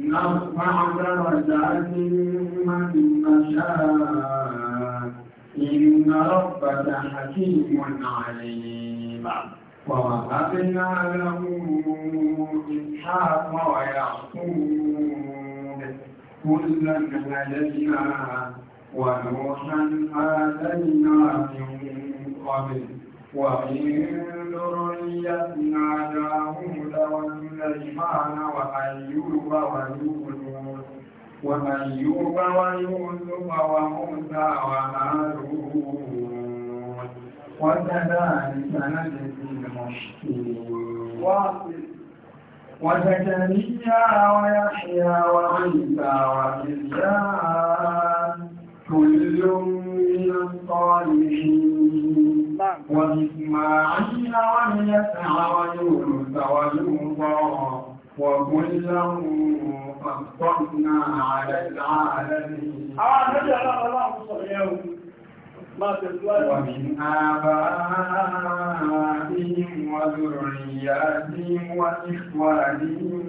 نرفع نعم، درجات من نشاء إن ربك حكيم عليم ووهبنا له إسحاق ويعقوب كلا هدينا ونوحا هدينا من قبل ومن ذريتنا داود سليمان وأيوب ويونس وأيوب ويوسف وموسى وهارون وكذلك نجزي المحسنين وزكريا ويحيى وعيسى وإلياس كل من الصالحين نعم. وإسماعيل واليسع ويونس ولوطا وكلا فضلنا على العالمين آه، ومن آبائهم وذرياتهم وإخوانهم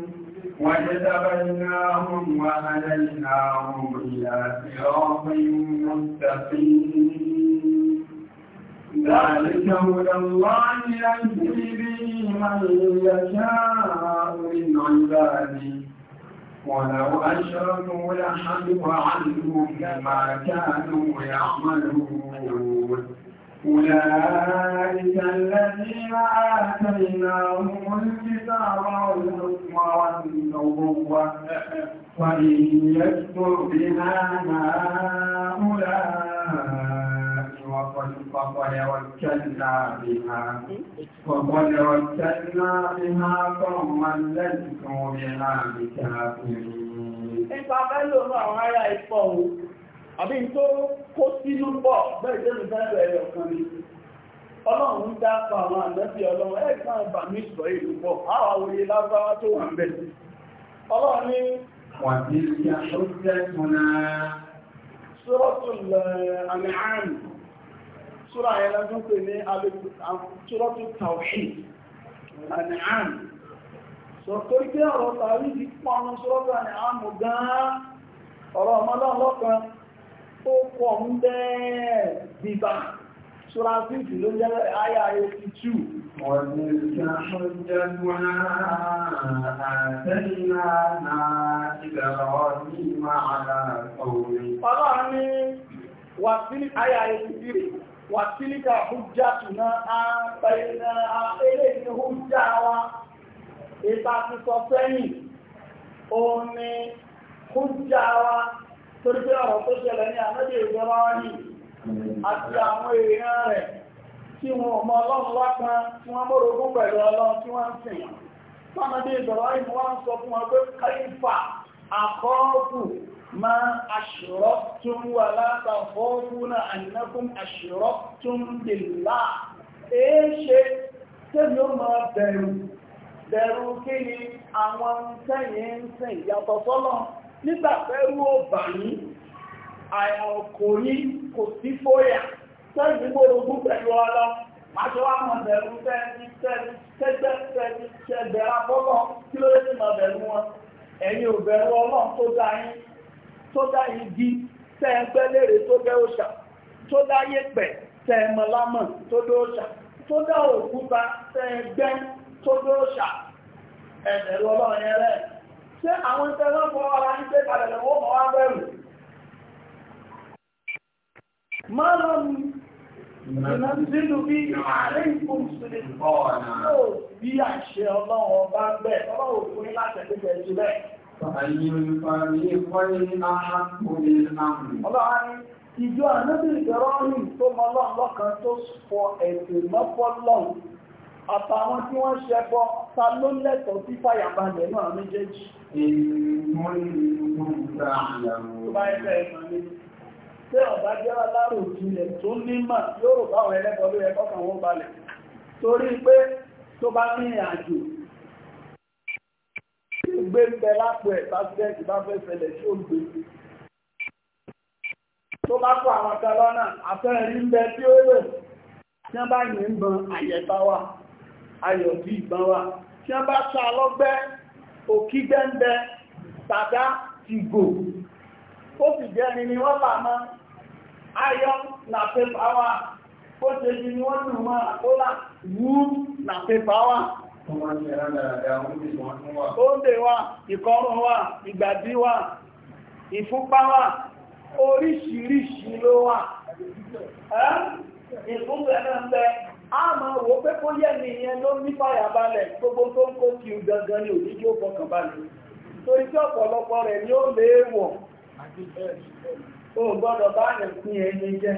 وجتبناهم وهللناهم إلى صراط مستقيم ذلك هدى الله يهدي به من يشاء من عباده ولو أشركوا لحلوا عنهم ما كانوا يعملون أولئك الذين آتيناهم الكتاب والحكم والنبوة وإن يكفر بها هؤلاء فقد وكلنا بها وقد وكلنا بها قوما ليسوا بها بكافرين. àbí tó kó sínú pọ̀ bẹ́ẹ̀ jẹ́ ìdájọ́ ẹ̀yọ̀ kan ni ọlọ́run dá pa àwọn àdẹ́bí ọlọ́run ẹ̀ẹ́sàn ọba ní ìsọ̀ ìlú pọ̀ àwọn òye lágbára tó wà ń bẹ̀ ọlọ́run ní wọ́n ti rí aṣọ́ jẹ́ Suratul An'am Súra ẹ̀lá tó pè Suratul Tawhid An'am sọ torí pé ọ̀rọ̀ tàbí ti pọ̀ ọ̀rọ̀ Suratul An'am gan-an ọ̀rọ̀ ọmọlọ́ọ̀lọ́kan ó pọ̀ ń bẹ́ẹ̀ bíbá ṣúra fífì ló jẹ́ àyà eighty two. ọ̀dùnkà ṣọ́jọ́gbọ́n àtẹ́yìnà náà ìbẹ̀rẹ̀ ọdún máa dára ọ̀rẹ́. ọlọ́run ní wàtílì àyà torí pé ọ̀rọ̀ tó ṣẹlẹ̀ ní àmọ́dé ìjọba ní àti àwọn èèyàn rẹ̀ tí wọn ò mọ ọlọ́run wá kan tí wọ́n mọ́rogún pẹ̀lú ọlọ́run tí wọ́n sìn fọ́nàdé ìjọba ìmú wá ń sọ fún wọn pé káyífà àkọ́ọ̀kù máa aṣọ́rọ̀ tó ń wà látàfọ́ọ̀kù nígbà fẹ́rú ó bà ní àyà ọkọ̀ yìí kò sí fóyà sẹ́ẹ̀dì gbórogún pẹ̀lú ọlọ́ Àjọ àwọn bẹ̀rù tẹ́ẹ̀tì tẹ́ẹ̀tì tẹ́ẹ̀tì tẹ́ẹ̀tì àbọ́lọ́ kí ló lè ti máa bẹ̀rù wọn. Ẹ̀yin ò bẹ̀rù ọlọ́run tó dá yín tó dá yín di tẹ́ẹ̀gbẹ́ léèrè tó bẹ́ òṣà tó dá yẹ̀pẹ̀ tẹ́ẹ̀mọ̀ lámọ̀ tó dé òṣà tó dá òkúta tẹ́ẹ̀gbẹ́ tó dé òṣà ẹ̀bẹ̀rù ọlọ́run yẹn rẹ̀ ṣé àwọn tẹ́lá fọ ara ń gbé kalẹ̀ lọ́wọ́ mọ́ wá bẹ̀rù máa lọ ní ìlànà bí ààrẹ ìfòmùsùlẹ̀ ọ̀nà bí àṣẹ ọlọ́wọ́ bá ń bẹ̀ ọlọ́wọ́ fún ní láti ẹgbẹ́ jù bẹ́ẹ̀. Ọlọ́run ìjọ ànábì ìgbẹ̀rọ̀ ọ̀rìn tó mọ́ lọ́kàn tó fọ ẹ̀sìn mọ́pọ́ lọ́hùn àtàwọn tí wọ́n ṣẹbọ ta ló lẹ́tọ̀ọ́ sí fàyàbalẹ̀ náà méjèèjì Tí ọ̀bá jẹ́ alárò ìjìnlẹ̀ tó nímọ̀ yóò rò báwọn ẹlẹ́bọ̀ ló ẹkọ́ kan wọ́n balẹ̀. Torí pé tó bá ní àjò, gbé ń bẹ lápò ẹ̀ pásítẹ́ẹ̀tì bá fẹ́ ṣẹlẹ̀ tí ó gbé. Tó bá kọ àwọn kan lọ́nà, àfẹ́ rí ayọ̀ bí ìbọn wà tí wọ́n bá sá lọ́gbẹ́ òkígbẹ́ńbẹ́ tàdá ti gò ó sì jẹ́ ẹni ni wọ́n bà mọ́ ayọ́ nà pépà wà ó ṣe jí ni wọ́n dùn mọ́ àkólà wú nà pépà wà Oúnjẹ wà, ìkọrùn wà, ìgbàdí wà, ìfúnpá wà, oríṣiríṣi ló wà. Ẹ́ ìfúnpẹ̀ náà a máa wò pé kó yẹ ní ìyẹn ló ní fàyàbalẹ̀ gbogbo tó ń kó kí gangan ní òní tí ó fọkàn balẹ̀ torí tí ọ̀pọ̀lọpọ̀ rẹ̀ ni ó léèwọ̀ o gbọ́dọ̀ bá yẹn ẹni jẹ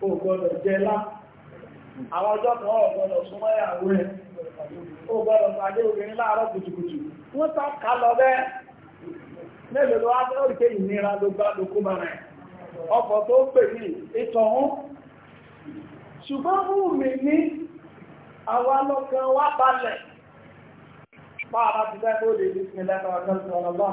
o gbọ́dọ̀ lá àwọn ọjọ́ kan gbọ́dọ̀ súnmọ́ ìyàwó rẹ̀ o gbọ́dọ̀ pàdé obìnrin láàárọ̀ kùtùkùtù wọ́n lọ bẹ́ẹ̀ mélòó fẹ́ òrìkẹ́ ìnira ló gbá ọkọ̀ ṣùgbọ́n fún mi ní àwọn alọ́kan wá balẹ̀ pàápàá ti bẹ́ẹ̀ ó lè ní sinmi lẹ́kọ̀ọ́ akẹ́kọ̀ọ́ ọlọ́lọ́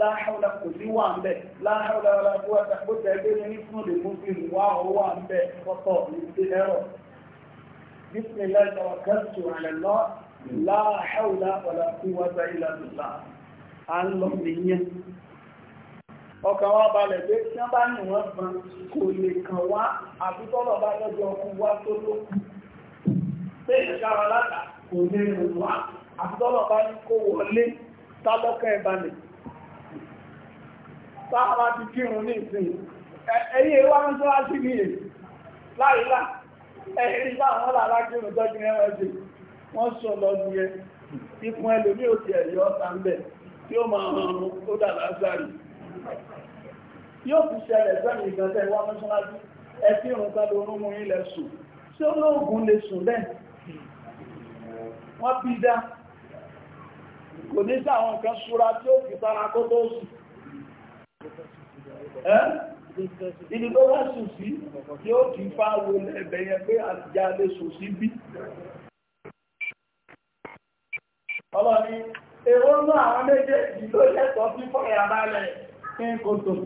láhàúlà kò sí wà ń bẹ̀ láhàúlà aláàbúwàtà ó tẹ́gbẹ́ ní fún lè mú fi wà ó wà ń bẹ̀ pọ́tọ̀ ní ẹ̀rọ بسم الله توكلت على الله لا حول ولا قوة إلا بالله عن لحظية ọkàn wa balẹ̀ pé tí wọ́n bá yìn wọ́n gan kò lè kàn wá àbí tọ́lọ̀ bá lọ́jọ́ ọkùn wá tó lókù pé ìṣára látà kò lè rìn wá àbí tọ́lọ̀ bá ní kó wọlé tálọ́kàn ìbalẹ̀ sáàrà ti kírun ní ìsìn ẹ̀yìn ewa ń tó láti ní èyí láìlá ẹ̀rí bá wọn lára kírun tọ́jú ẹwà ẹ̀jẹ̀ wọ́n sọ lọ sí ẹ ikun ẹlòmí òkè ẹ̀yọ́ ọ̀tá ń bẹ̀ tí ó máa rọrùn ó dà lásàrì yóò fi ṣẹlẹ̀ sẹ́mi ìgbọ̀nsẹ̀ wá mọ́ṣáláṣí ẹ̀fí òun kan lórún mú ilẹ̀ sùn tí ó lóògùn lè sùn lẹ́ wọ́n bí dá kò ní sáwọn nǹkan ṣúra tí ó fi sára kó tó sùn ẹ́ ibi tó wá sùn sí yóò kí fáwọn ẹ̀bẹ̀ yẹn pé àtijá lè sùn sí bí ọlọ́ni èrò náà àwọn méjèèjì ló lẹ́tọ̀ọ́ fífọ́ ìyàbálẹ̀ إن كنتم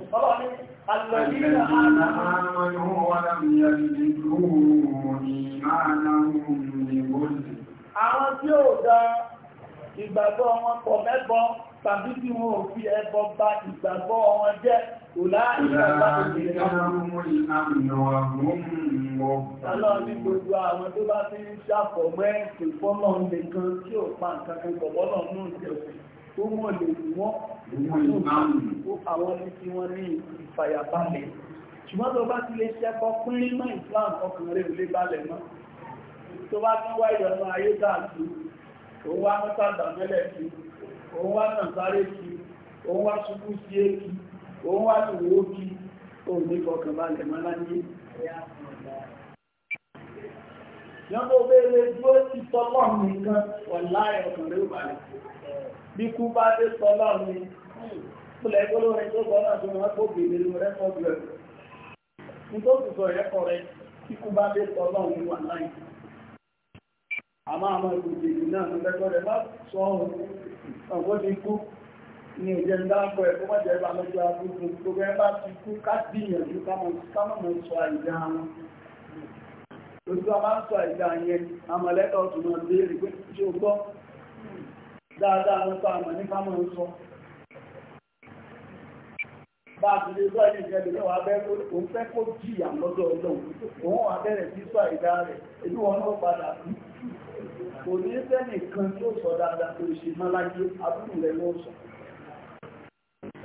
الذين آمنوا ولم يلبسوا إيمانهم بظلم àwọn tí ó dá ìgbàgbọ́ wọn pọ̀ mẹ́bọ tàbí tí wọn ò fi ẹbọ bà ìgbàgbọ́ wọn jẹ́ òlá ìgbàgbọ́ Ọlọ́run gbogbo àwọn tó bá fi ń ṣàfọ̀mọ́ ẹ̀sìn fọ́nà nìkan tí ò pa nǹkan kan pọ̀ bọ́lọ̀ náà jẹ́ òfin tó mọ̀ lè wọ́n àwọn ní kí wọ́n ní ìfàyàbalẹ̀ ṣùgbọ́n tó bá ti lè ṣẹ́kọ́ pínlẹ̀ mọ́ Islam ọkùnrin rẹ̀ lè balẹ̀ mọ́ tó bá tún wá ìrọ̀nà ayé dáàtú òun wá mọ́sàdà mẹ́lẹ̀ sí òun wá nàzáré sí òun wá ṣubú sí èkì òun wá lùwó kí òun ní kọkàn balẹ̀ mọ́ láyé yọ́n tó bẹ́ẹ̀ lè dúró ti tọ́lọ́ nìkan wọ̀n láì ọkùnrin rẹ̀ balẹ̀ bí kú bá dé sọ lọ́rùn ni kúlẹ̀ gbólóhùn tó sọ náà tó wọ́n kó bèèrè lórí rẹ́kọ̀dù ẹ̀ nítorí sọ ẹ̀kọ́ rẹ bí kú bá dé sọ lọ́rùn ni wà láì àmọ́ àmọ́ ìgbòkèdè náà ló lẹ́kọ́ rẹ̀ bá sọ ọ́hún ọ̀gbọ́n ti kú ní ìjẹ́ ń dáàbò ẹ̀ kó má jẹ́ bá lọ́jọ́ agbóhùn tó bẹ́ẹ̀ bá ti kú ká gbìyànjú sọ àìdá wọn lójú a sọ àìdá yẹn àmọ̀lẹ́kọ̀ọ́ dáadáa ń sọ àmà ní fámọ́ ń sọ bá a ti lè sọ ẹni ìjẹ́bi náà wà bẹ́ẹ̀ òun fẹ́ kó jìyà lọ́dọ̀ ọlọ́run òun wà bẹ̀rẹ̀ sí sọ àìdá rẹ̀ wọn náà padà sọ dáadáa tó ṣe láyé rẹ̀ ló sọ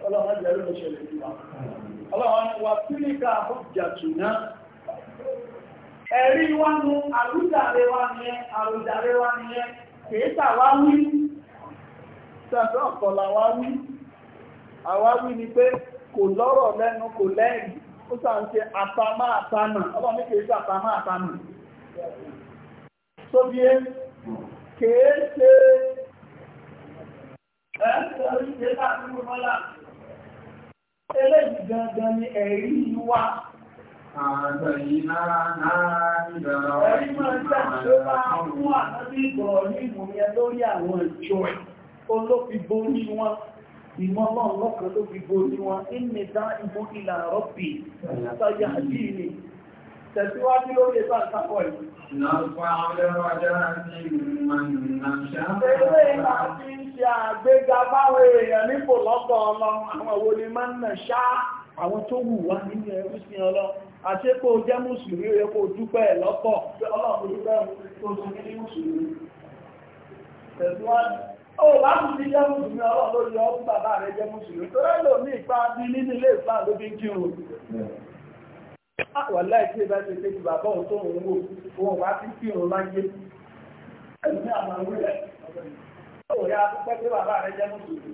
ọlọ́run ló ṣẹlẹ̀ sí wa ọlọ́run wà àbújá tù náà ẹ̀rí nu àrújàre ṣàfihàn ọ̀pọ̀lọ̀ àwáwí àwáwí ni pé kò lọ́rọ̀ lẹ́nu kò lẹ́yìn ó sàn ṣe àtàmà àtàmà ọlọ́ ní kèé ṣe àtàmà tó bí é kèé ṣe Eléyìí gangan ni ẹ̀rí wá. Àgbẹ̀yìn náà náà ìbẹ̀rẹ̀ ọ̀rẹ́ ìgbẹ̀rẹ̀ ọ̀rẹ́ ìgbẹ̀rẹ̀ ọ̀rẹ́ olófi borí wọn ìmọ̀mọ́ ọlọ́kan ló fi borí wọn inú dá ìbò ìlà rọ́bì sọ́jà àjí ni tẹ̀síwájú lórí ẹ̀bá ìsápọ̀ yìí. Nàfà ọlọ́wọ́dá ní ìmọ̀-nàṣà. Eré máa ti ń ṣe àgbéga báwọn èèyàn nípò lọ́dọ̀ ọlọ́run àwọn wo ni máa ń nà ṣá àwọn tó wù wá nínú ẹrú sí ọlọ́run. Àṣé kó jẹ́ Mùsùlùmí ó yẹ kó dúpẹ́ ẹ̀ lọ́pọ̀. Ọlọ́run ló bẹ́ẹ̀ tó ti ní Mùsùlùmí. Tẹ̀síwájú ó bá tún ti jẹ́ mùsùlùmí ọlọ́run lórí ọkùn bàbá rẹ̀ jẹ́ mùsùlùmí tó rẹ́lò ní ipa bí nínú ilé ìfà ló bí kírun àwọ̀lá ìpé bá ti pé bàbá òun wò òun wá sí kírun láyé ẹ̀mí àwọn orílẹ̀ ó rẹ̀ jẹ́ mùsùlùmí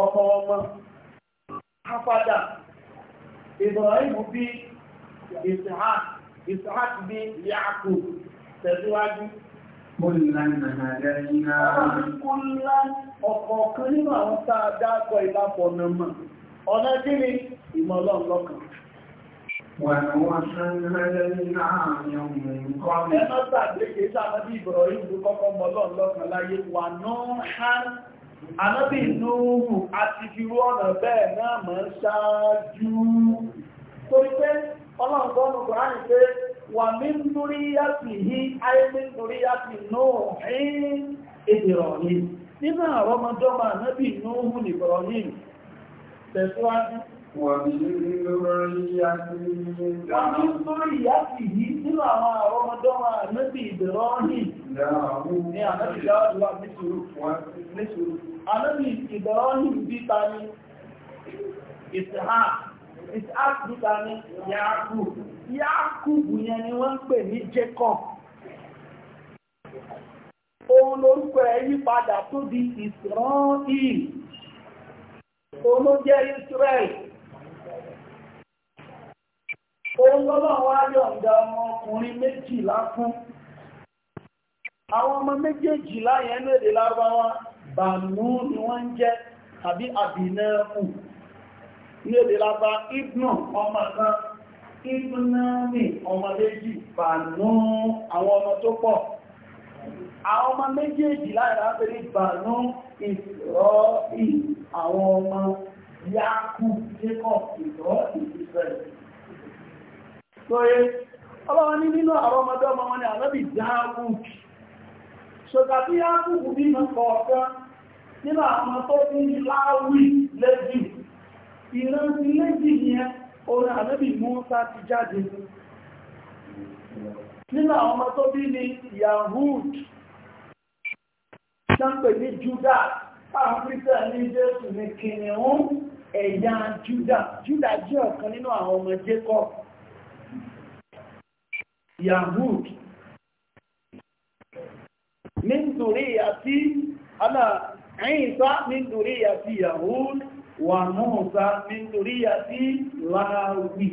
ọmọ ọmọ hafada Ibrahim bí Isaac Isaac bí yaakù tẹ̀síwájú Kúnlá ọ̀kọ̀ọ̀kan nínú àwọn táa dákọ̀ ìbápọ̀ ọ̀nà mọ̀. Ọ̀nà kí ni ìmọ̀ ọlọ́run lọ́kàn? Wà Ànábì Núhù àti fìrú ọ̀nà bẹ́ẹ̀ náà mọ̀ ń ṣáájú. Torí pé ọlọ́ǹgọ́nù Kùránì pé wà mí ń lórí yàtì hí, ayé mí ń lórí yàtì Núhù hín Ibrahim. Nínú àrọ́mọdọ́mọ Wàmílúríyàtìyí nínú àwọn àwọn ọmọdọ́mà níbi ìbẹ̀rọ ní ní àmẹ́bì dáwàdúwà nítorú. Àmẹ́bì ìbẹ̀rọ ní bíta ní ìsìhák, ìsìhák bíta ní Yaakub. Yaakub yẹn ni wọ́n ń pè ní Jacob. Òun lórúkọ ẹ̀ yípadà tó di Israel. Òun ló jẹ́ Israel òun lọ́lọ́ wá yọ̀ǹda ọmọkùnrin méjìlá fún àwọn ọmọ méjèèjìlá yẹn ní èdè lárúbáwá bànú ni wọ́n ń jẹ́ tàbí àbìnẹ́ẹ̀kù ní èdè lábá ìbùnà ọmọ kan ìbùnàmì ọmọ méjì bànú àwọn ọmọ tó pọ̀ àwọn ọmọ méjèèjì láìra ń sóyé ọlọ́wọ́ ní nínú àwọn ọmọdé ọmọ wọn ni àlọ́bì dáàbùkì ṣògbà ya kúrù nínú kọ̀ọ̀kan nínú àwọn tó fi láwí lẹ́jì ìrántí lẹ́jì yẹn orin àlọ́bì mọ́sá ti jáde ọmọ tó bí ní ẹ̀yà Júdà Júdà jẹ́ ọ̀kan nínú àwọn yahud nítorí àti alá Ìsá nítorí àti yahud wà Mùsá nítorí àti láàwì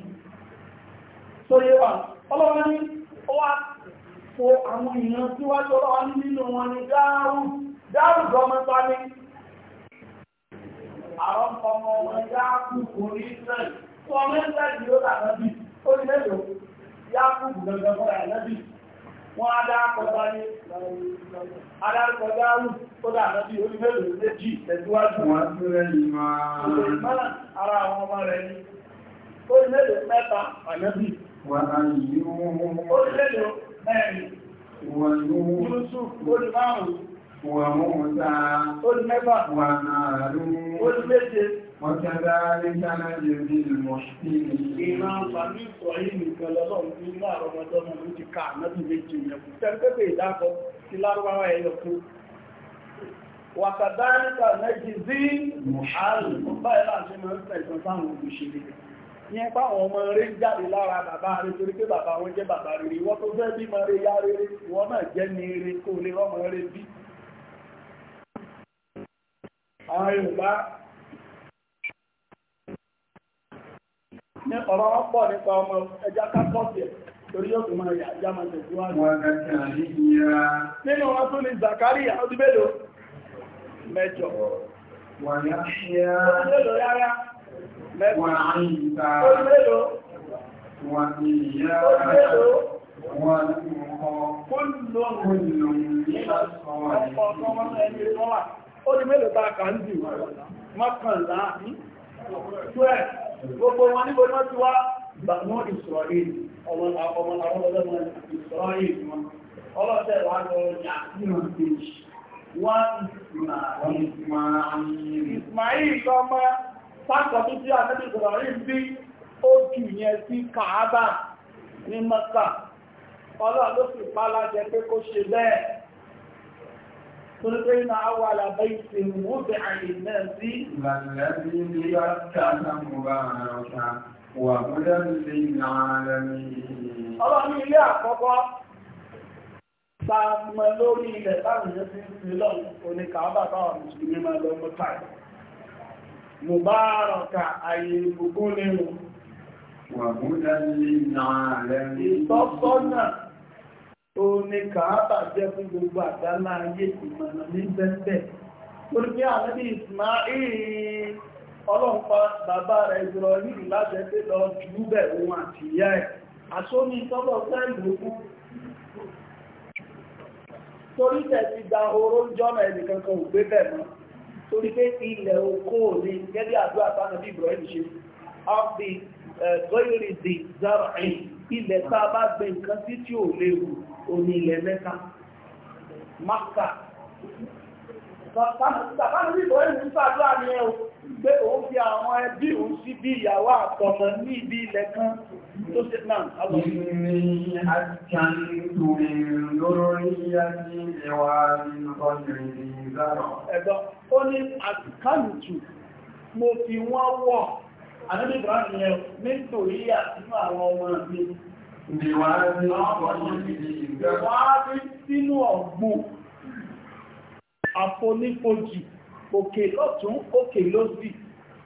tó yé wà ọlọ́wọ́ ní ó wá fò àwọn èèyàn tí wá tó lọ́wọ́ nínú wọn ni dáàrùn dáàrùn gọmọ́ta ní àwọn ọmọ ọmọ yáàkù kò rí náà tó ọmọ ẹgbẹ́ ìlú àtàbí ó ní mẹ́lòó Yakubu gangan fún ànábì wọ́n adákọ̀ọ́bá ní adákọ̀ọ́dáwù tó dà náà bí orílẹ̀-èdè méjì tẹ̀síwájú wọn tó rẹ̀ ní máa ara àwọn ọmọ rẹ̀ ní orílẹ̀-èdè mẹ́ta ànábì wọ́n á yíò orílẹ̀-èdè mẹ́rin wọ́n yóò وموسى وهارون وكذلك نجزي المحسنين ìran sàmì ìsọ̀rí nìkan lọ́lọ́run ní láàrọ̀ ọmọdọ́mọ ló ti ká náàbì méjì ìyẹ̀kù tẹ́lẹ̀pẹ̀pẹ̀ ìdákọ̀ sí lárúbáwá ẹyọ tó wàtàdáríkà méjì sí mùhálì sáwọn olùṣèlú yẹn páwọn ọmọ rẹ̀ jáde lára bàbá rẹ̀ torí pé bàbá wọn jẹ́ bàbá rere wọ́n tó fẹ́ bí mọ́ rẹ̀ yá rere wọ́n náà jẹ́ ní rere kó lè rọ́mọ rẹ̀ bí a. Yorùbá ní ọ̀rọ̀ nípa ọmọ ẹja kápọ́sì torí yóò tó máa yà já máa tẹ̀síwájú. nínú wọn tún ni Zakaria ó mẹ́jọ wà ó ní mélòó tá a kà ń dì mọ́kànlá ní gbogbo wọn níbo ni wọ́n ti wá gbàmọ́ ìsọ̀rọ̀ ọmọ àwọn ọlọ́mọ ìsọ̀rọ̀ yìí wọn ọlọ́tẹ̀ wà lọ yà sí wọn kejì wọ́n ìsmáyìí ọmọ sákọ̀tún tí a tẹ́lẹ̀ ìsọ̀rọ̀ yìí bí ó jù yẹn sí kàábà ní mọ́kà ọlọ́run ló sì pa láṣẹ pé kó ṣe bẹ́ẹ̀ تلقين أول بيت وضع للناس الذي بكى مباركا وهدى للعالمين ọlọ́run ní ilé àkọ́kọ́ bá mọ lórí ilẹ̀ táwọn èèyàn ti ń fi lọ́nà oníkàábà táwọn mùsùlùmí àyè ìbùkún nínú wàhúdà lè nà rẹ̀ ní ìtọ́sọ́nà ó ní kàábà jẹ́ fún gbogbo àdálá ayé ìmọ̀nà ní bẹ́ẹ̀ torí ànábì Ismail ọlọ́pàá bàbá rẹ̀ ìgbọ̀rọ̀ ní ìlàjẹ́ pé lọ jù bẹ̀ òun àti ìyá ẹ̀ àsómi tọ́lọ̀ fẹ́ torí tẹ̀ ti da oró jọ́nà ẹnìkankan ò gbé bẹ̀ mọ́ torí pé ilẹ̀ oko ní gẹ́gẹ́ àdúrà tánàbí Ibrahim ṣe ọ̀bì gọ́yìrì dì zara ilẹ̀ tá a bá oní ilẹ̀ mẹ́ta maka sàbánu bí ìbòrè ní sàdúrà ní ẹ̀ pé òun fi àwọn ẹbí òun sí bí ìyàwó àtọmọ ní ibi ilẹ̀ kan tó ṣe náà alọ́ ní àtìkàntò lórí yàtí ẹwà nínú ọjọ́rin ìzárọ̀ ẹ̀dọ́ ó ní àtìkàntò mo fi wọ́n wọ́ àdébìbìrán ni ẹ̀ nítorí àtìmọ̀ àwọn ọmọ mi Ìwà ẹni ọ̀pọ̀ ìrìnlẹ̀ ìgbẹ̀wọ̀n á rí sínú ọ̀gbùn àfonífojì òkè lọ́tún òkè lósì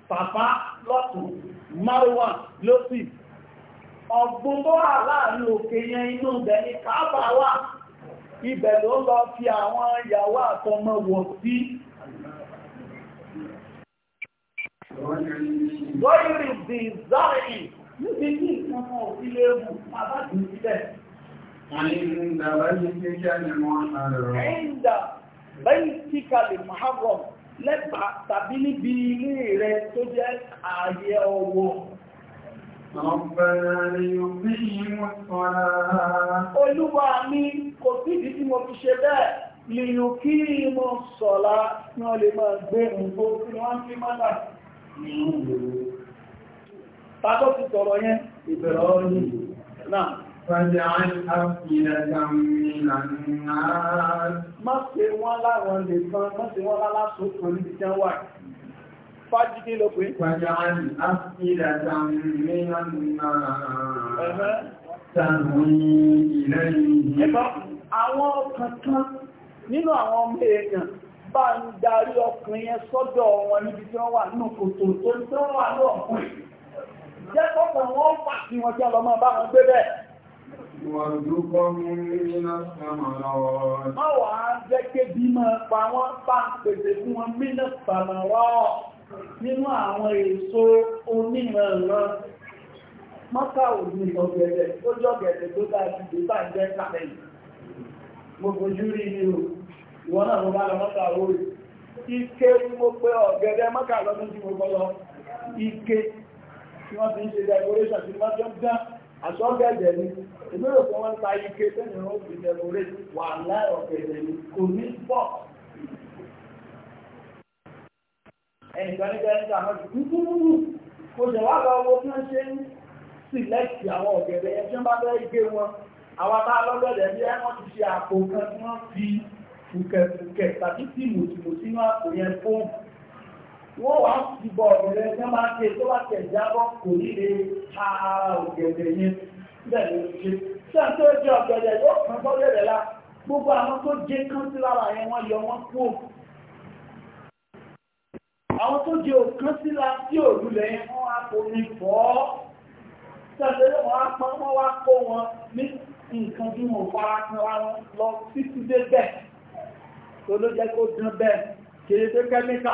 pàpá lọ́tún márùwà lósì ọ̀gbùn bó wà láàrin òkè yẹn inú ibẹ̀ ni káàbà wà ibẹ̀ ló lọ fi àwọn ìyàwó àtọmọ wọ̀ sí lóyìnrìn dìzáìn níbi ní nǹkan kan òfin lè mú bàbá tó sílẹ̀. Àyíǹda báyìí ti kẹ́ ni wọ́n á rọ̀. Àyíǹda báyìí ti kalẹ̀ Mahabram lẹ́gbàá tàbí níbi ilé rẹ̀ tó jẹ́ ààyè ọwọ́. Olúwa mi kò sí ìdí tí mo fi ṣe bẹ́ẹ̀ lèyàn kí mo sọ̀lá ní ọ lè máa gbé nǹkan tí wọ́n fi máa Tàbí ti tọ̀rọ̀ yẹn ìbẹ̀rọ̀ ọ̀rọ̀ náà. Fẹ́jẹ́ Má ṣe wọ́n Fájídé lọ pé. Fẹ́jẹ́ àfihàn mìíràn náà. ilẹ̀ yìí. Ẹgbọ́n, àwọn kankan nínú àwọn ọmọ èèyàn bá ń darí ọkùnrin yẹn sọ́dọ̀ wọn níbi tí wọ́n wà nínú kòtò tó ń tọ́wà lọ́ọ̀kùnrin jẹ́ kọ́kọ́ wọn fà sí wọn jẹ́ lọ máa bá wọn gbé bẹ́ẹ̀. Ìwọ̀dúkọ́ mú ní Mínàsàmàrọ̀. Má wà á jẹ́ kébí máa nínú àwọn èso oníranran. Mọ́ká ò ní tó jọ gẹ̀dẹ̀ tó bá ti dé bá jẹ́ kàtẹ́yìn. Mo fojú rí ni o, ìwọ náà mo bá lọ mọ́ká orí. Ike mo pe ọ̀gẹ̀dẹ̀ mọ́ká lọ́dún tí mo kọ́ lọ. Ike tí wọ́n ti ń ṣe decoration tí wọ́n jọ dá àṣọ́gẹ̀dẹ̀ ni ìbéèrè fún wọn ta ike tẹ́lẹ̀ wọn fi decorate wà láì ọ̀gẹ̀dẹ̀ ni kò ní pọ̀. ẹnìkan ní kẹ́rin tí àwọn ti kúkúrú kò jẹ̀ wá lọ wo bí wọ́n ṣe ń sílẹ̀kì àwọn ọ̀gẹ̀dẹ̀ yẹn tí wọ́n bá fẹ́ gé wọn àwọn bá lọ́gẹ̀dẹ̀ bí wọ́n ti ṣe àpò kan tí wọ́n fi fùkẹ̀fùkẹ̀ tàbí tìmùtìmù sínú àpò yẹn fóònù wọ́n wá ìbọ̀ ìrẹ́ tí wọ́n bá ṣe tó bá tẹ̀jábọ́ kò ní lè ta yẹn bẹ́ẹ̀ ṣe tí a tó jẹ ọ̀gẹ̀dẹ̀ yóò kàn sọ́lé rẹ̀ la gbogbo àwọn tó jẹ kán sí lára yẹn wọ́n yọ wọ́n kú àwọn tó jẹ òkán sí la tí òru lẹ̀ yẹn wọ́n á kó ní fọ́ tí a tó wọ́n á pọ́n wọ́n wá kó wọn ní nǹkan tí wọ́n fara kan wá lọ títí dé bẹ́ẹ̀ tó ló jẹ́ kó dán bẹ́ẹ̀ kéré tó kẹ́míkà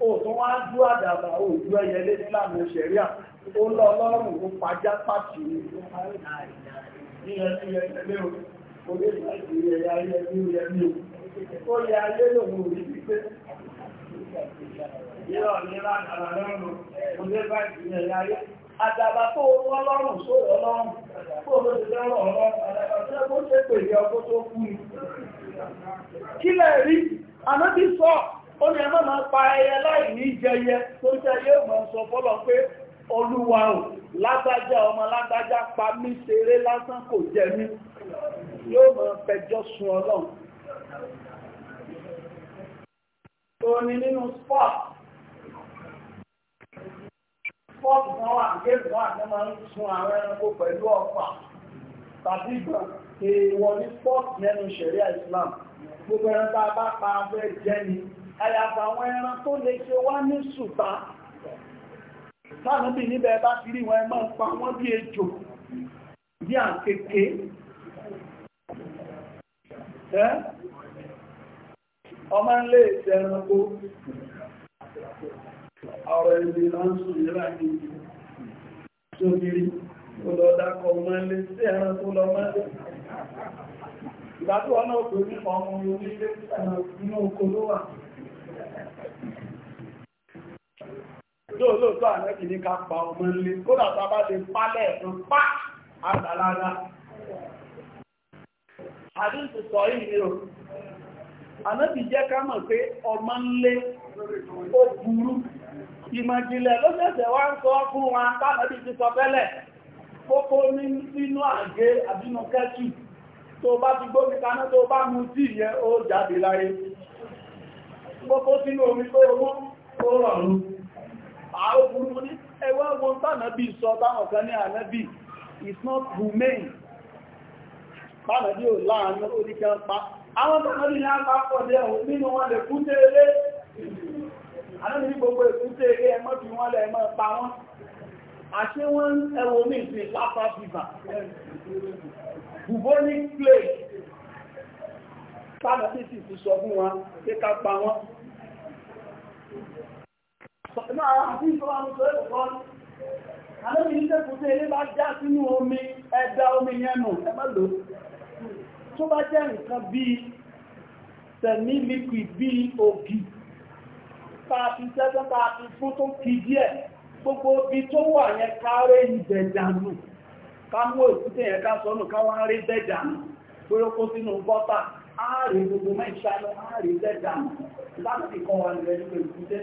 òtún wá dú àdàbà òjú ẹyẹlé nílànà ṣẹ̀ríà ó lọ lọ́rùn ó pàjá pàtì Àdàbà tó wọ́n lọ́rùn sóòrò ọlọ́run, kó ló ti ọlọ́run, àdàbà tó ẹgbó ṣe pèlè ọkó tó kú. Kílẹ̀ rí, àmọ́ bí sọ́ọ̀, ó ní ẹmọ́ máa pa ẹyẹ láì ní jẹyẹ tó jẹyẹ mọ̀ sọ fọ́lọ̀ pé olúwa ò lágbájá ọmọ lágbájá pa mí ṣeré lásán kò jẹ mí yóò mọ̀ pẹjọ́ sun ọlọ́run tó ní nínú sport sport kan wà géèmù wà ní máa ń sun àwọn ẹranko pẹ̀lú ọ̀pá tàbí ìgbà èèwọ̀ ní sport nínú ṣẹ̀ríà Islam gbogbo ẹran tá a bá pa abẹ́ jẹ́ ni àyàfà àwọn ẹran tó lè ṣe wá ní ṣùtá sáàmùbì níbẹ̀ bá ti rí wọn ẹmọ́ pa wọ́n bí ejò bí àkèké ọmọ ilé ìṣẹ́ ẹranko ọ̀rọ̀ ìlú ìránṣù ìrànlẹ̀ sóbìrí olóòdákọ̀ ọmọ ilé ìṣẹ́ ẹranko lọ́mọ ilé náà kò ní ọmọ orílẹ̀-èdè lóòlóòtọ́ àmẹ́kì ní ká pa ọmọ nlé kódà tá bá lè pálẹ̀ ẹ̀kan pa, àgbàlára àdínkù sọ yìí ni o àmẹ́kì jẹ́ ká mọ̀ pé ọmọ nlé ó burú ìmọ̀jìnlẹ̀ ló ṣẹ̀ṣẹ̀ wá ń sọ fún wa tánàbí ti sọ tẹ́lẹ̀ kókó ní sínú àgé àbínú kẹ́kì tó bá ti gbómi kaná tó bá mu tí ìyẹn ó jáde láyé gbogbo sínú omi tó owó tó rọrùn àwọn burúkú ní ẹwà wọn tánàbí sọ táwọn kan ní ànábì it's not humane tánàbí ò láàánú oníkẹ́ pa àwọn tánàbí ní apá pọ̀ dé ọ̀hún nínú wọn lè bubonic plague tánàbí sì ti sọ fún wọn pé ká pa wọ́n Pẹ̀lú àwọn àti ìṣọ́wà mú sọ a Àlébì ní tẹ́kù tí eré bá já sínú omi ẹ̀dá omi yẹnu ẹmọ́lò. Tó bá jẹ́ nǹkan bíi tẹ̀mí liquid bíi ògì, pàápí pàápí fún tó kì díẹ̀, gbogbo ibi tó wà yẹn káré ìbẹ̀dànù. Ká mú òkúté yẹn ká sọ́nù ká wá rí sínú ààrẹ gbogbo mẹ́ṣà lọ ààrẹ lẹ́dà láti kan wà lẹ́nu pẹ̀lú ìdílé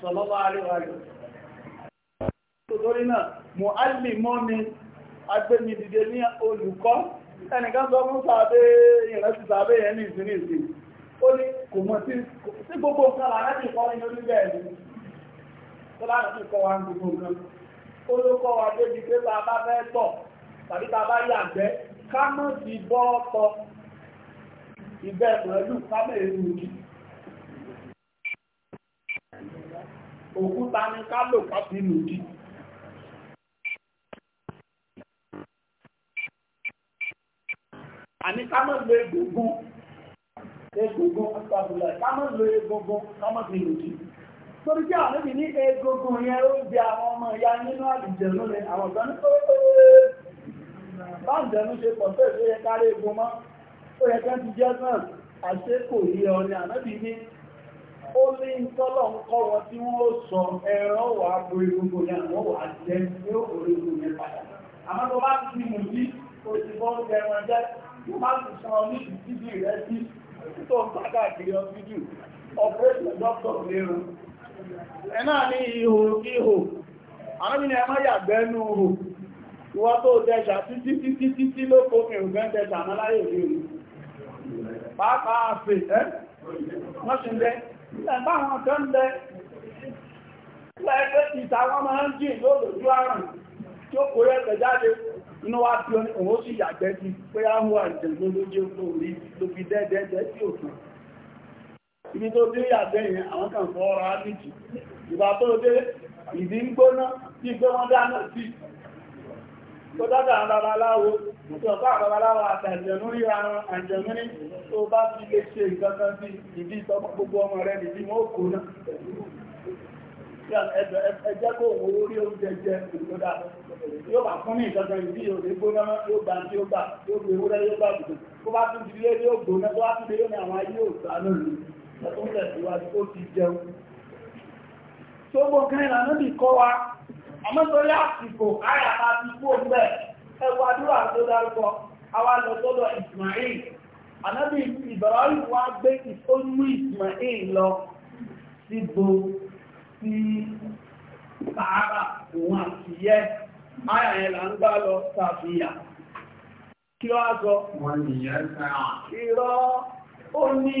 sọlọ́wọ́ àríwá rẹ̀ torí náà mo á lè mọ́ ni agbẹ́mìdìde ní olùkọ́ ẹnìkan sọ fún sàbẹ́ ìrẹsì sàbẹ́ yẹn ní ìsinmi ìsinmi ó ní kò mọ̀ sí gbogbo nǹkan láti kọ́ ní orí bẹ́ẹ̀ ni tó láti kọ́ wa gbogbo nǹkan ó ló kọ́ wa débi pé bá a bá fẹ́ tọ̀ tàbí tá bá yàgbẹ́ kámọ́ ti bọ́ ọ̀tọ̀ ìbẹ̀ pẹ̀lú kámọ́ èrú ni òkúta ni ká lò káfí lòdì. àní ká mọ̀ lo egungun egungun àtàbùlà ká mọ̀ lo egungun ká mọ̀ fi lòdì. torí pé àwọn ẹbí ní egungun yẹn ó bí àwọn ọmọ ìyá nínú àlùjẹ lónìí àwọn ọ̀gá ní kókó báńdẹ̀nú ṣe pọ̀ tó ìfẹ́ yẹ kárí egun mọ́ ó yẹ kẹ́ ti jẹ́ náà àṣẹ kò yí ọ̀rẹ́ ànábì ní ó ní tọ́lọ̀ ń kọ́ wọn tí wọ́n ó sọ ẹran wà á borí gbogbo ní àwọn wà á jẹ́ ní òkòrí gbogbo ní padà àmọ́ tó bá ti fi ìwọ́ tó dẹ̀ṣà títí títí títí ló kó dẹ̀ṣà mọ́ láyé òní pàápàá àfẹ́ ẹ́ wọ́n ṣe bẹ́ ẹ̀bá àwọn kan ń bẹ́ lẹ́ẹ̀kẹ́ ìta wọ́n ibi tó dé yàgbẹ́ àwọn kan fọ́ ọ̀rọ̀ tó dé ìdí ń tó dọ́dọ̀ àwọn babaláwo tó bá babaláwo àtàjẹ̀nú ríra wọn àjẹ̀nú ní tó bá fi lè ṣe ìkankan sí ìdí ìtọ́pọ̀ gbogbo ọmọ rẹ̀ nìdí mọ́ òkú náà ẹjẹ́ kó owó orí oúnjẹ jẹ ìgbódà yóò bá fún ní ìkankan ìdí òde gbóná yóò gbà tí ó gbà yóò gbé ewúrẹ́ yóò gbà gbùdù tó bá tún ti lé yóò gbóná tó bá tún lé yóò ní àwọn ayé òòsà lónìí ẹ̀tún tẹ̀síwájú ó ti jẹun tó gbọ́ kẹ́rin lànà bí kọ́ wa àmọ́ tó yá àsìkò káyà máa ti kú òǹgbẹ́ ẹwà àdúrà tó dárúkọ àwa lọ sọ́dọ̀ Ismail ànábì Ibrahim wá gbé ìfónú Ismail lọ síbo sí òun àti yẹ máyà yẹn là ń gbá lọ sàfihàn kí ló wá wọn nìyẹn ó ní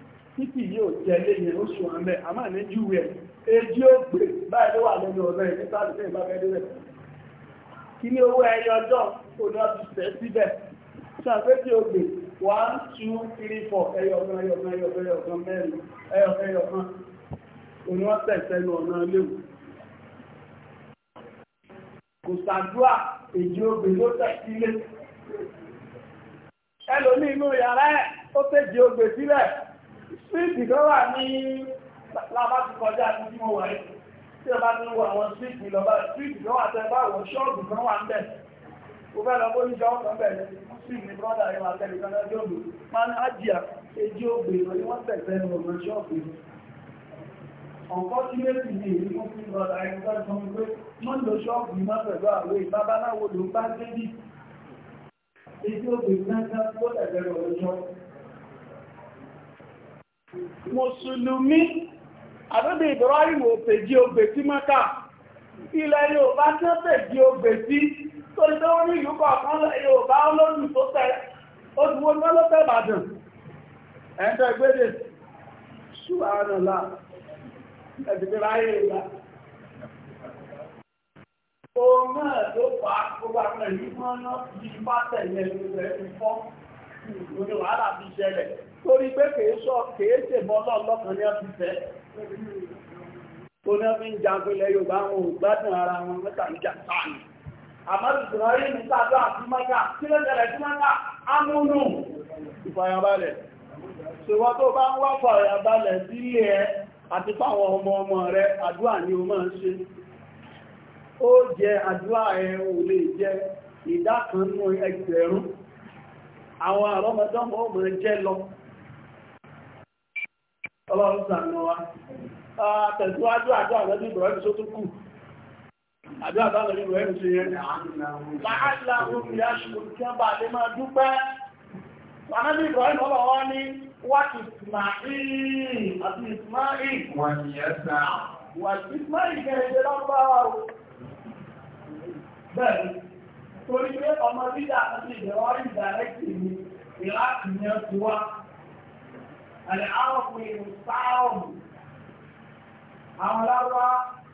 títì yóò jẹ léyìn oṣù àmẹ́ àmà ní júwe èjì ó gbé báyìí ló wà lẹ́nu ọ̀rẹ́ ní sáàlùfẹ́ ìbáfẹ́ lẹ́rẹ̀ kí ní owó ẹyọ ọjọ́ kò ní ọdún tẹ̀ síbẹ̀ ṣàpẹ́jì ó gbé one two three four ẹyọ kan ẹyọ kan ẹyọ kan ẹyọ kan mẹ́rin ẹyọ kan ẹyọ kan òní wọ́n tẹ̀ sẹ́nu ọ̀nà léwu kò sàdúà èjì ó gbé ló tẹ̀ sílé ẹlòmí inú yàrá ẹ̀ ó tẹ̀jì ó gbé sílẹ̀ síìtì kan wà ní lábá ti kọjá àti tí mo wà yìí tí ẹ bá ti ń wo àwọn síìtì lọ́ba síìtì kan wà tẹ́ bá wọ ṣọ́ọ̀bù kan wà ń bẹ̀ mo fẹ́ lọ bó ní ṣọ́ọ̀bù kan bẹ̀rẹ̀ síìtì ní brọ́dà yẹn wà tẹ́lẹ̀ kan lọ́jọ́ òbí máa ń ájìyà ejí ògbè lọ ní wọ́n tẹ̀sẹ̀ ní ọ̀gbọ̀n ṣọ́ọ̀bù Unfortunately, ní èyí fún fún brọ́dà yẹn tó sọ pé mo ń lo ṣọ́ọ̀bù yìí má pẹ̀lú mùsùlùmí àdóbi ìbúrọ́yìn òpèjì ogbè tí mọ́ta ilẹ̀ Yorùbá tí ó pèjì ogbè tí tó ní tó ní ìlú kọ̀ọ̀kan Yorùbá olóòrùn tó tẹ̀ ó ti wọ́n ló tẹ̀ Ìbàdàn ẹ̀ńtọ́ ìgbéde ṣùgbọ́nàlá ẹ̀dìgbéráyé ìlà òun náà ló fà á gbogbo àwọn ìlú mọ́ náà yìí bá tẹ̀lé ìlú rẹ̀ fọ́ òun ni wàhálà fi ṣẹlẹ̀ torí pé kìí sọ kìí ṣe mọ́ lọ́lọ́kan ní ọ́fíì fẹ́ tó ọ́fíì ń ara wọn mẹ́ta ń jà sáàmì àmọ́ ìṣúná rí ní sáàdọ́ àti mẹ́ta ló tẹ̀lé sí mẹ́ta ámúnú tó bá ń wá fàyàbalẹ̀ sílé ẹ àti fáwọn ọmọ ọmọ o máa ń ṣe ó jẹ àdúrà ẹ ò lè jẹ ìdá kan lọ ọlọ́run sànù wa tẹ̀síwájú àjọ àlẹ́bí ìbọ̀rẹ́bí só tún kù àjọ àjọ àlẹ́bí ìbọ̀rẹ́bí sí yẹn láàrín àwọn ìyáṣùgbò tí wọ́n bá lè máa dúpẹ́ àlẹ́bí ìbọ̀rẹ́bí ọlọ́wọ́ ní wákì ìsmáìl àti ìsmáìl wọ́n ni ẹ̀sà wọ́n ìsmáìl gẹ̀ẹ́gẹ́ lọ́gbàwà bẹ́ẹ̀ torí pé ọmọ lídà àti ìbẹ̀rẹ̀ ìdàrẹ́kì ni ìlàkìyàn ti wá àlẹ́hàrọ̀kù ìrùsáàmù àwọn láwá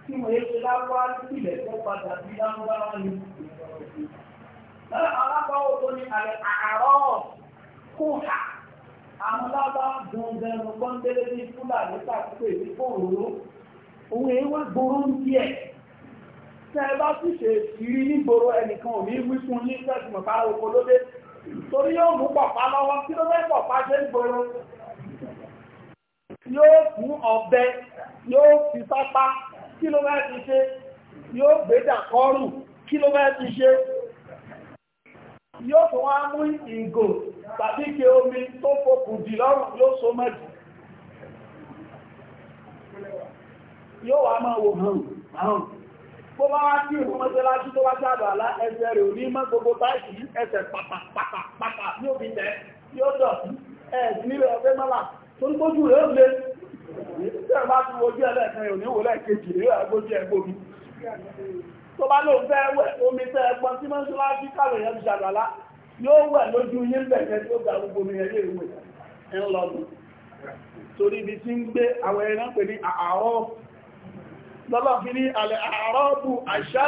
tí mo yé ṣe láwá nílẹ̀ tó padà sí láwá ní alábáwò tó ní àlẹ́ àárọ̀ kóhà àwọn láwá gbọ̀ngàn gbọ́ndẹ́lẹ́ ní fúlàní tàbí pé fòròró òun èé wá gbòòrò ń díẹ̀ tẹ́ ẹ bá sì ṣe ìrí nígboro ẹnìkan ò ní wí fún yín fẹ́sùn mọ̀ká oko lóde torí yóò mú pọ̀pá lọ́wọ́ yóò mú ọ̀bẹ yóò fi sápá kí ló máa ti ṣe yóò gbé dàkọ́rù kí ló máa ti ṣe yóò tó wá mú ìgò tàbí kí omi tó fòkùn dì lọ́rùn yóò so mẹ́jì yóò wá máa wò hàn hàn bó bá wá kí ìrún mọ́sálásí tó wá sáàdù àlá ẹsẹ̀ rẹ̀ ò ní mọ́ gbogbo báyìí ẹsẹ̀ pàtàpàtàpàtà ní òbí tẹ́ yóò dọ̀ sí ẹ̀ẹ́dì nílẹ̀ ọgbẹ́ mọ́lá torí gbójú rẹ̀ ó lé ìrìnṣẹ́ bá ti wojú ẹlẹ́ẹ̀kan ẹ̀ òníwò lẹ́ẹ̀kejì rẹ̀ àgbójú ẹgbómi tó bá lóun fẹ́ wẹ̀ omi tẹ́ ẹgbọ́n tí mọ́ ṣúlá sí káàrọ̀ yẹn ṣàgbàlá yóò wẹ̀ lójú yín bẹ̀rẹ̀ tí ó gba gbogbo omi ẹ̀yẹ ìwé ẹ̀ ń lọ́dún torí ibi tí ń gbé àwọn ẹran pè ní àárọ̀ lọ́lọ́ fi ní alẹ́ àárọ̀ bu àṣà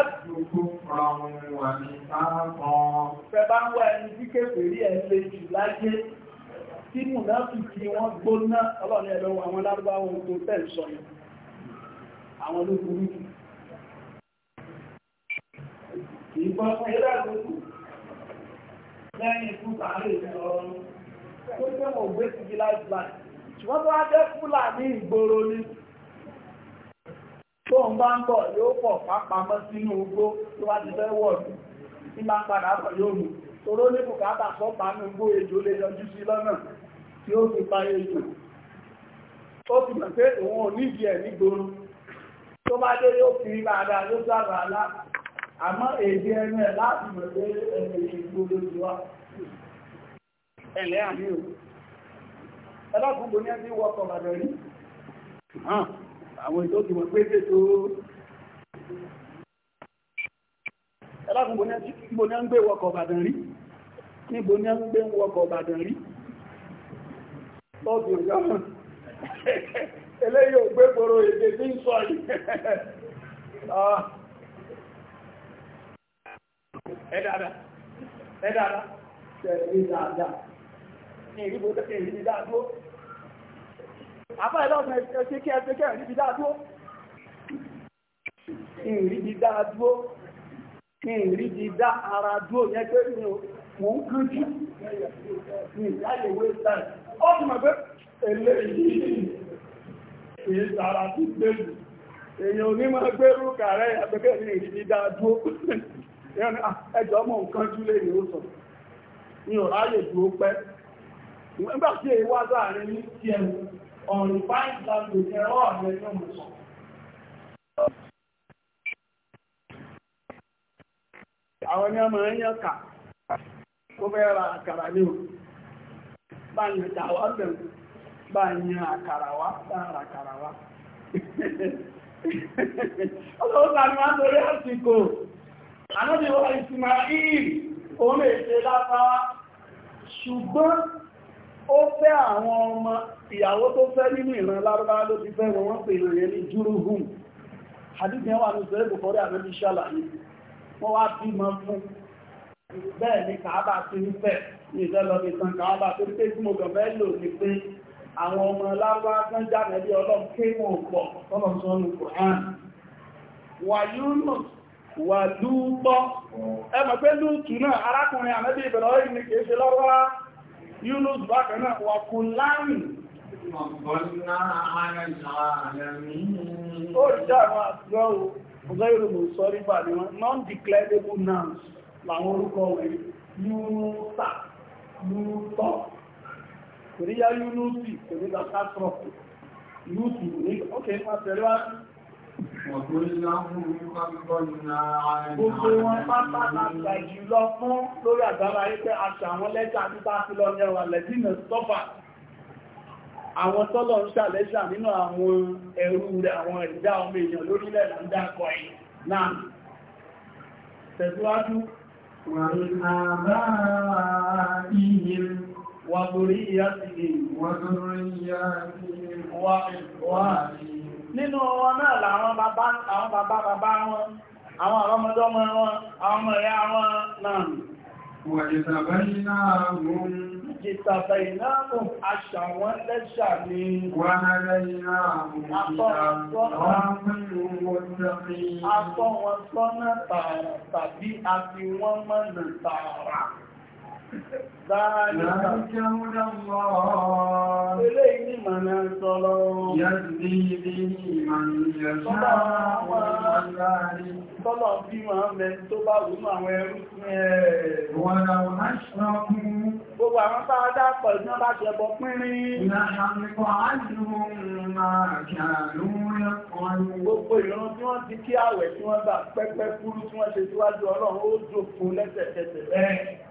fẹ́ bá ń wá ẹni tí kéfèé rí ẹ̀ lè jù láyé tí mù láti fi wọ́n gbóná ọlọ́ni ẹ̀lọ́wọ́ àwọn lárúbáwọn tó tẹ́ sọ àwọn ló burú jù ìbọn ẹ̀lá lókù lẹ́yìn fún tààrí ìrọ̀rùn tó jẹ́ mọ̀ gbé ti gílá ìgbà ṣùgbọ́n tó wá jẹ́ fúlàní ìgboro ni tó ń bá ń bọ̀ yóò pọ̀ pápamọ́ sínú ugbó tó wá ti fẹ́ toró ní bùkátà fọ́pá ní gbó èjò lè yọjú sí lọ́nà tí ó fi pa èjò ó fi mọ̀ pé òun ò nídìí ẹ̀ nígboro tó bá dé yóò fi rí bàdà yóò sábà alá àmọ́ èdè ẹnu ẹ̀ láti mọ̀ pé ẹ̀rẹ̀ ìgboro ti wá ẹ̀lẹ́ àmì ò ẹlọ́kùnkùn ní ẹbí wọ́pọ̀ bàdà rí àwọn ètò mọ̀ pé tètò ẹlọ́kùnkùn ní ẹbí wọ́pọ̀ bàdà rí níbo ní ń gbé ń wọkọ̀ Ìbàdàn rí lọ́dún ìjọba eléyìí ò gbé gbòrò èdè tí ń sọ yìí ẹ dáadáa ẹ dáadáa tẹ̀lé dáadáa ní ìrìbò tẹ́kẹ̀ ìrìbì dáadúó àbá ìlọ́sùn ẹ̀kẹ́kẹ́ ẹ̀kẹ́kẹ́ ìrìbì dáadúó ìrìbì dáadúó ìrìbì dá ara dúó yẹ́ pé mò ń ya jù ní ìyáyè wéṣán ọdún mọ̀gbẹ́ èlé yìí èyí tààrà sí gbèrú èyàn ò ní mọ́ àgbẹ́gbẹ́ ní ìdí dáadúó ẹjọ́ mọ̀ nǹkan lè ní ó sọ ní dúó pẹ́ àwọn kà mo fẹ́ ra àkàrà ní o bá ń ta wá bẹ̀rù bá ń yan àkàrà wá bá ń ra àkàrà wá ọlọ́wọ́ ta ni wọ́n torí àsìkò ànábìwọ̀ Ismail òun èsè lápáwá ṣùgbọ́n ó fẹ́ àwọn ọmọ ìyàwó tó fẹ́ nínú ìran lárúbáwá ló ti fẹ́ wọn wọ́n pè ìrìn ní júrúhùn àdíjẹ́ ní sẹ́ẹ̀bù kọ́rẹ́ àmẹ́bí ṣàlàyé wọ́n wá bímọ fún bẹ́ẹ̀ ni kàábà ti ń fẹ̀ ní ìjọlọ́bí tán kàábà tó pé tí mo gọ̀bẹ́ lò ní pé àwọn ọmọ láwá tán jáde bí ọlọ́m kéwọ̀n pọ̀ tọ́lọ̀ sọ́nù kòhán wà yúnus wà lúútọ́ ẹ mọ̀ pé lúùtù náà arákùnrin àmẹ́bí ìbẹ̀rẹ̀ orí ni kìí ṣe lọ́wọ́ yúnus bákan náà wà kù láàrin ó jẹ́ àwọn àtúrọ̀ làwọn orúkọ rẹ̀ yúnúta yúnútọ́ kò ní yá yúnútì kò ní ga kásọ̀rọ̀kù yúnútì ní ọkẹ̀ nípa tẹ̀lé wá Gbogbo wọn pátá láta jùlọ fún lórí àgbára ipẹ́ aṣọ àwọn lẹ́jà títà sí lọ ní ọwà lẹ́dínà sọ́fà. Àwọn tọ́lọ̀ ń ṣàlẹ́ṣà nínú àwọn ẹrú rẹ̀ àwọn ẹ̀dá ọmọ èèyàn lórílẹ̀ láńdá kọ̀ ẹ̀ náà. Tẹ̀síwájú وعن آبائهم وذريتهم وذرياتهم وإخوانهم nínú wọn náà làwọn bàbá àwọn bàbá bàbá wọn àwọn ọmọdé ọmọ wọn àwọn ọmọ ẹ̀yà wọn náà وَجِتَبَيْنَاهُمْ جِتَبَيْنَاهُمْ أَشْعَوَنْ لَشَّعْنِي وَهَدَيْنَاهُمْ إِلَى ذلك هدى الله إليه من الصلاة يهدي به من يشاء Tọ́lọ̀ bí máa mẹ́ tó bá rúnú àwọn ẹrú fún ẹ̀. Wọ́n na wọ́n á ṣọ́ fún. Gbogbo àwọn bá dápọ̀ iná bá jẹ bọ pínrín. Ìlànà àmìkọ̀ àádùn máa kìí àlúwẹ́ ọ̀rọ̀. Gbogbo ìran tí wọ́n ti kí àwẹ̀ tí wọ́n gbà pẹ́pẹ́ kúrú tí wọ́n ṣe síwájú Ọlọ́run ó jókòó lẹ́sẹ̀kẹsẹ̀ bẹ́ẹ̀.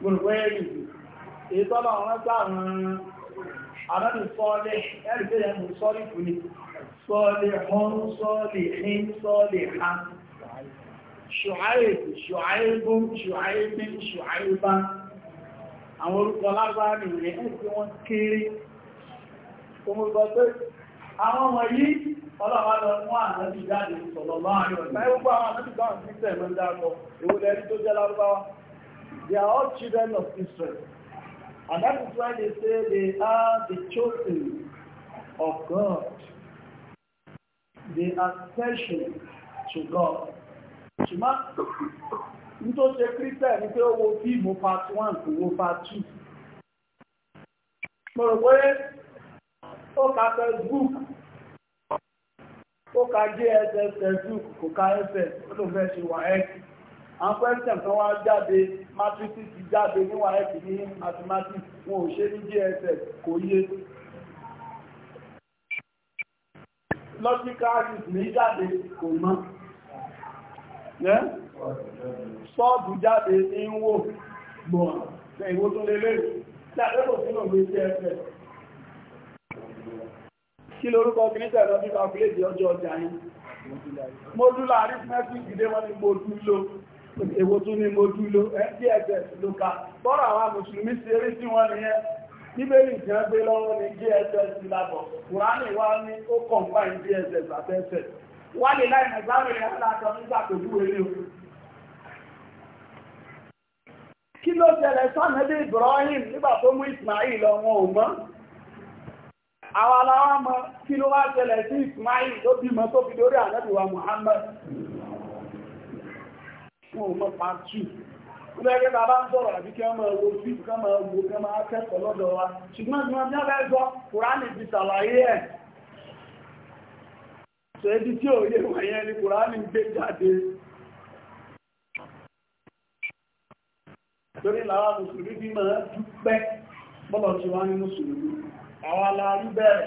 gbogbo ẹ̀rì èyí tọ́lọ̀ wọn sáàrùn àdọ́dù sọ́ọ̀lẹ̀ ẹ̀rì pé ẹ̀mù sọ́ọ̀lẹ̀ fún ni sọ́ọ̀lẹ̀ hàn sọ́ọ̀lẹ̀ hìn sọ́ọ̀lẹ̀ ha ṣùháìbù ṣùháìbù ṣùháìbù ṣùháìbá àwọn orúkọ lágbàáni rẹ̀ ẹ̀sì wọn kéré omúgbọ́ pé àwọn ọmọ yìí ọlọ́pàá mú ànábì jáde sọ̀lọ̀ láàrin ọ̀sán ẹgbẹ́ àwọn ànábì They are all children of Israel. And that is why they say they are the chosen of God. They are special to God. Ṣùgbọ́n ní tó ṣe kírísẹ̀ ní pé ó wo fíìmù part one kò wo part two. Mo rò pé ó ka Facebook, ó ka JSS Facebook, kò ka FM, ó lò fẹ́ ṣe wà X. Àwọn pẹ́sẹ̀ kan wá jáde mathematics jáde ní wáyẹ̀kì ní mathematics wọn ò ṣe ní JSS kò yé logical reasoning ní jáde kò mọ́ sọ́ọ̀dù jáde ní wò gbọ̀n ní ìwó tó lélẹ̀ tí àdébò sínú ìwé JSS kí lórúkọ kìníṣẹ̀ lọ bí calculate ọjọ́ ọjà yìí modular arithmetic ìdé wọn ni modulo èwo tún ní mo dúró ẹ̀dí ẹ̀bẹ̀ ló ka bọ́rọ̀ àwọn mùsùlùmí sí eré tí wọ́n nìyẹn bíbélì tí wọ́n gbé lọ́wọ́ ní dss lábọ̀ kùránì wá ní ó kọ̀ǹbáìn dss àtẹ́sẹ̀ wá láì aláàtọ̀ o kí ló Ibrahim nígbà tó mú Ismail ọmọ ò mọ́ àwọn aláwọ̀ mọ́ kí ló wá sí Ismail tó bímọ Muhammad wọn ò mọ̀ part two ó bẹ́ẹ̀ bàbá ń sọ̀rọ̀ àbí kí wọ́n máa wo máa wo kí wọ́n máa kẹ́kọ̀ọ́ lọ́dọ̀ wa ṣùgbọ́n ní kùránì ti ṣàlàyé ẹ̀ ibi tí ò yé ni kùránì gbé jáde torí làwọn mùsùlùmí bí máa dúpẹ́ bọ́lọ̀ tí wọ́n ní mùsùlùmí àwọn bẹ̀rẹ̀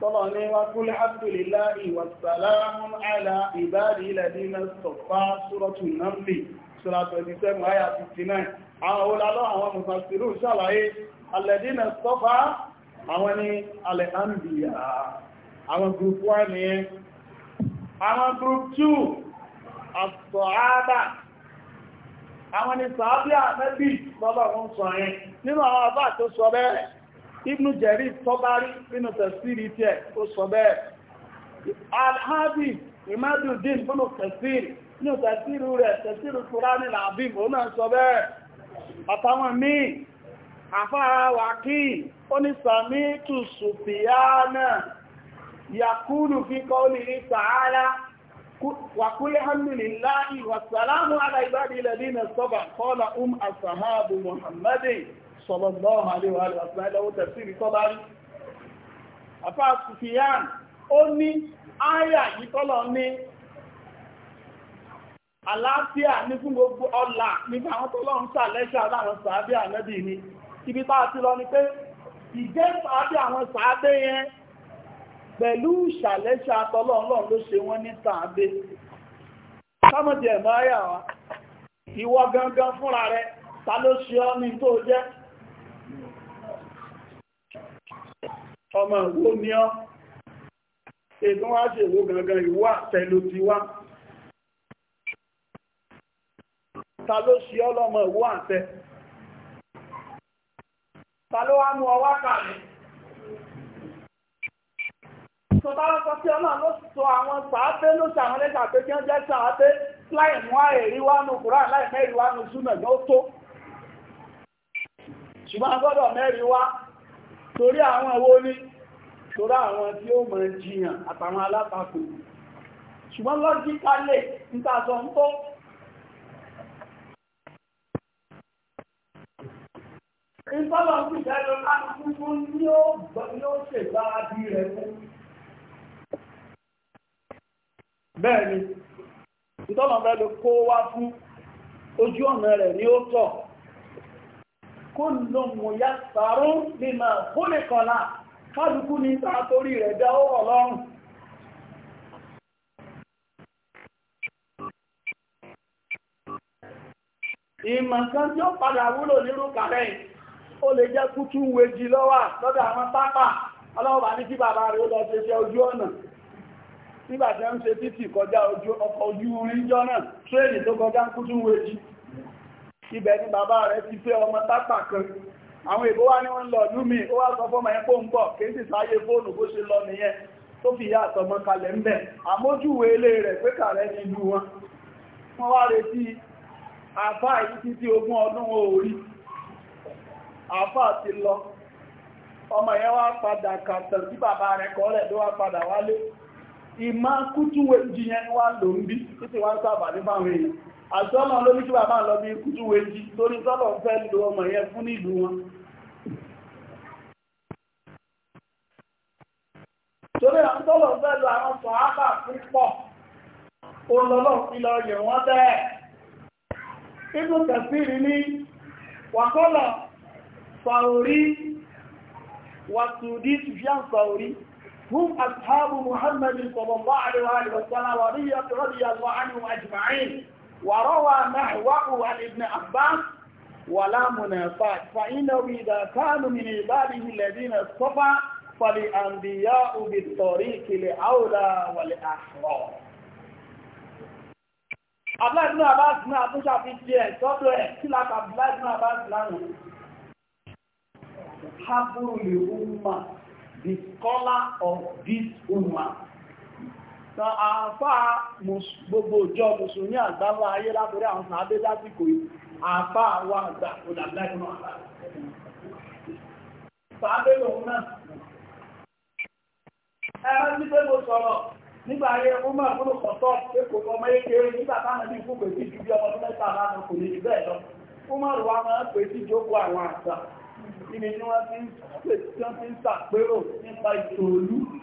tọ́lọ̀ ní wá kúlẹ̀ abdùlélá ìwàsàlámù àlà ìbáàdì ilẹ̀dínà sọ̀fà súrọ̀tù nàmbì súra 27 àyà 59 àwọn olálọ́ àwọn mùsàsìrù ṣàlàyé alẹ̀dínà sọ́fà àwọn ní alẹ̀ àmbìyà àwọn group 1 ni àwọn group 2 àtọ̀ábà nínú àwọn àbá tó sọ bẹ́ẹ̀ ibnu jerry tọ́bárí nínú tẹ̀sírì tí ẹ̀ ó sọ bẹ́ẹ̀ alhabi imadudin bínú tẹ̀sírì nínú tẹ̀sírì rẹ̀ tẹ̀sírì kúránì làbím ó náà sọ bẹ́ẹ̀ àtàwọn míì àfáà wákì ó ní sàmí tù sùfìyánà yakúlù fi kọ́lì ta'ala وقل الحمد لله والسلام على عباد الذين sallallahu alaihi wa sallam lọ́wọ́ tẹ̀sírì tọ́lá rí àfáà Sufyan ó ní áyà yìí tọ́lọ ní àlàáfíà ní fún gbogbo ọlà nígbà àwọn tọ́lọ ń sàlẹ́ṣà láwọn sàábé ànẹ́bì ni ibi tá a ti lọ ni pé ìjẹ́ sàábé àwọn sàábé yẹn pẹ̀lú ìṣàlẹ́ṣà tọ́lọ ọlọ́run ló ṣe wọ́n ní sàábé sámọ̀dì ẹ̀mọ́ áyà wa ìwọ gangan fúnra rẹ̀ ta ló ṣe ọ́ ní tó jẹ́ ọmọ ìwó ní ọ́ ètò wá ṣe ìwó gangan ìwó àtẹ́lò ti wá ta ló ṣe ọ́ lọ́mọ ìwó àtẹ́ ta ló wá mú ọwá kàrí sọ̀tàrà sọ sí ọlọ́run ló sọ àwọn sàábé ló sàwọn lẹ́sà pé kí wọ́n jẹ́ sàábé láì mú àìrí wánu kùrá láì mẹ́rin wánu súnà ló tó ṣùgbọ́n gbọ́dọ̀ mẹ́rin wá torí àwọn owó ní torí àwọn tí ó mọ̀ jiyàn àtàwọn alátakò ṣùgbọ́n lọ́jíkálẹ̀ nítàṣọ ń tó ìtọ́lọ̀ ń pìtẹ́ lọ láti kúkú ní ó ṣègbà bí rẹ̀ fún bẹ́ẹ̀ ni ìtọ́lọ̀ ń bẹ́ẹ̀ lọ kó wá fún ojú ọ̀nà rẹ̀ ni ó tọ̀ kúlù mùyá sàárún ní ma kúnìkọ̀lá kálukú ní sáàtórí rẹ̀ dá ọ̀rọ̀ lọ́rùn ìmọ̀kan tí ó padà wúlò nírú kàrẹ́ ó lè jẹ́ kútú wejì lọ́wà lọ́dọ̀ àwọn pápá ọlọ́ọ̀bà ní kí bàbá rẹ̀ ó lọ ṣe ṣe ojú ọ̀nà nígbàtí wọ́n ń ṣe títì kọjá ọkọ̀ ojú orin jọ náà tírèdì tó kọjá kútú wejì ibẹ̀ ni bàbá rẹ̀ ti fẹ́ ọmọ tápà kan àwọn èbó wá ní wọ́n lọ lúmi ó wá sọ fọ́mọ ẹ̀ pò ń bọ̀ kí n sì sáyé fóònù bó ṣe lọ nìyẹn tó fi ìyá àtọmọ kalẹ̀ ń bẹ̀ àmójúwe ilé rẹ̀ pé kàrẹ́ ní ìlú wọn wọ́n wá retí àfá yìí títí ogún ọdún orí àfá ti lọ ọmọ yẹn wá padà kàtàn tí bàbá rẹ̀ kọ́lẹ̀ ló wá padà wálé ìmá kútúwé jiyẹn wá lò ń bí títí wá sábà ní fáwọn èèyàn àtọ́nà ló ní kí bàbá lọ bí kútú wéjì torí tọ́lọ̀ fẹ́ lo ọmọ yẹn fún ìlú wọn torí àtọ́lọ̀ fẹ́ lo àwọn sọ̀hábà púpọ̀ olọ́lọ́ ìlọ yẹ̀ wọ́n bẹ́ẹ̀ inú tẹ̀sírí ní wàkọ́lọ̀ sàórí wàtúdí sùfíàn sàórí هم أصحاب محمد صلى الله عليه وآله وسلم ورضي الله عنهم أجمعين وروى نحوه عن ابن عباس ولا منافع، فإنه إذا كان من عباده الذين اصطفى فالأنبياء بالطريق لأولى والأحرار Abdullahi ibn Abbas náà tó ṣàfihàn ẹ̀ sọ́dọ̀ ẹ̀ sí láti Abdullahi ibn Abbas lánàá. Haburu Umma, the scholar of this Umma tán àáfà gbogbo ìjọ mùsùlùmí àgbáwá ayé lábẹ́rẹ́ àwọn sàábé lásìkò àáfà wa àgbà òdàgbà ìmọ̀ àgbà sàábé lòun náà ẹ̀rọ tí pé mo sọ̀rọ̀ nígbà ayé ọmọ àbúrò kọ̀tọ̀ pé kò lọ ọmọ ékeré nígbà táwọn ẹbí fún pèsè ju bí ọmọ tó mẹ́ta lánàá kò lè jù bẹ́ẹ̀ lọ ọmọ rẹ̀ wa máa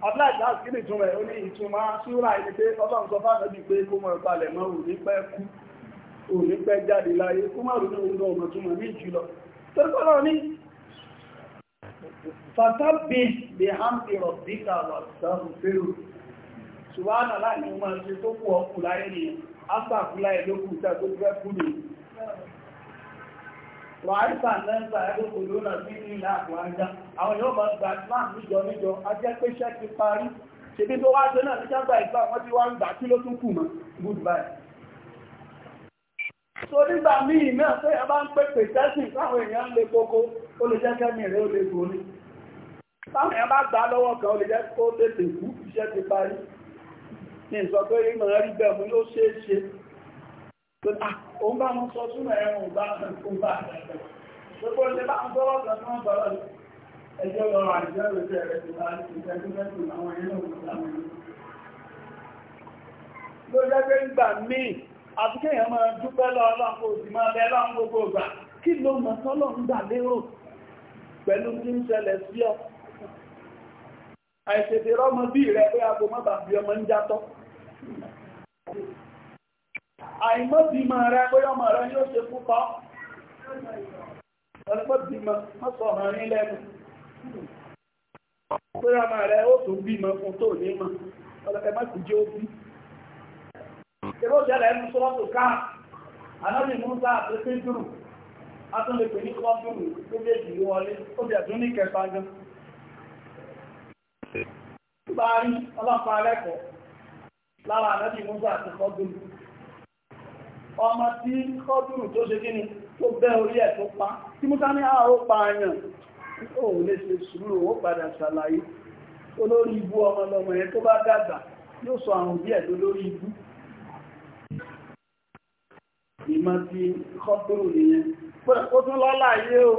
abúláìsá sí lè túnmọ̀ ó ní ìtumọ̀ ṣúra ẹni pé ọlọ́run sọ fáwọn ẹbí pé kó mọ̀ ìpalẹ̀ mọ́ òní pẹ́ kú òní pẹ́ jáde láyé kó má ronú oúnjẹ ọmọ túnmọ̀ ní ìjùlọ tẹ́lifọ́lọ́ ní fàtàbí lè hàmì rọ̀áìsà lẹ́ńsà ẹgbẹ́kòló náà sí ní ilẹ̀ àkùnrin àwọn yóò bá gba islam níjọ níjọ ajẹ́ pé ti parí ṣebí tó wá ṣe náà ní jágbà ìgbà wọ́n ti wá gbà kí ló tún kù mọ́ goodbye so nígbà míì náà tó yẹ bá ń pè pè sẹ́sìn fáwọn èèyàn lè rẹ̀ ó lè fáwọn èèyàn bá gbà lọ́wọ́ kan Ah, òun bá mú sọ súnmọ̀ ẹ̀rùn ìgbà ọ̀gbà gbogbo ṣe bá ń sọ́rọ̀ kan tí wọ́n sọ̀rọ̀ ẹjọ́ lọ àìjọ́ ìrẹsẹ̀ rẹ̀ ti bá ìṣẹ́gbẹ́sùn àwọn ilé òkúta ló jẹ́ pé nígbà míì àti kéèyàn máa dúpẹ́ lọ ọlọ́pọ̀ òsì máa bẹ lọ́n gbogbo ìgbà kí ló mọ̀ sọ́lọ̀ ń gbà lérò pẹ̀lú tí ń ṣẹlẹ̀ sí ọ àìṣètè rọ́mọ bí rẹ̀ pé aago mọ́bà bí ọmọ ń játọ́ àìmọ́bìmọ̀ rẹ̀ bóyọ́ mọ̀ rẹ̀ yóò ṣe púpọ̀ ọlọ́pọ̀bìmọ̀ mọ́sọ̀rọ̀ ní lẹ́nu bóyọ́ mọ̀ rẹ̀ ó tún bímọ̀ fún tó ní mọ̀ ọlọ́pẹ̀ má sì jẹ́ ó bí ẹgbẹ́ òṣèlú ẹnu sọ́ọ̀tù káà anábì musa àti pédùrù atúnlẹ̀ pè ní kọ́dùrù tó bí èjì wọlé ó bí ẹ̀dún ní kẹta gan Báyìí ọlọ́pàá rẹ̀kọ̀ọ́ lára ànábì musa àti kọ́dùrù ọmọ tí kọ́dùrù tó ṣe kíni tó bẹ́ orí ẹ̀ tó pa tí mú sáà ní àárò ah, pa àyàn ó lè ṣe sùúrù ó padà ṣàlàyé olórí ibú ọmọ lọmọ yẹn tó bá dàgbà yóò sọ àrùn bí ẹ̀dọ́ lórí ibú ìmọ̀ tí kọ́dùrù nìyẹn ó tún lọ́lá ayé o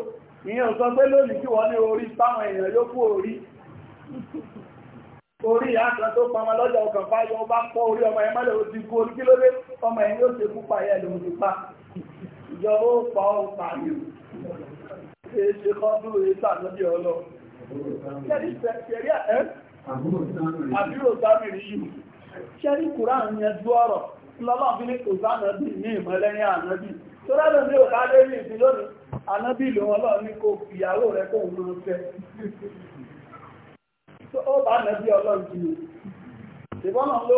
ìyẹn ò sọ pé lónìí kí wọ́n ní orí táwọn èèyàn yóò kú orí orí àkàn tó pamọ́ lọ́jà ọkàn fáyọ bá pọ́ orí ọmọ ẹ̀mọ́lẹ̀ ó ti kú orí kí ló dé ọmọ ẹni ó ṣe púpà yẹ ló ti pa ìjọba ó pa ó pa yìí ṣe ṣe kan dúró yìí sàtọ́jú ọlọ. Àbúrò sáàmì rí yìí. Ṣẹ́rí Kùrán yẹn jú ọ̀rọ̀ lọ́lọ́ bí ní kò sáàmì ní ìmọ̀lẹ́yìn ànábì. Tó rẹ́lẹ̀ ní òkà lérí ìsìn lónìí, ànábì ló wọn ní kò fìyàwó rẹ̀ kò ń fẹ́. Ó bá ànábì ọlọ́run jù. Ìbọ́nà ló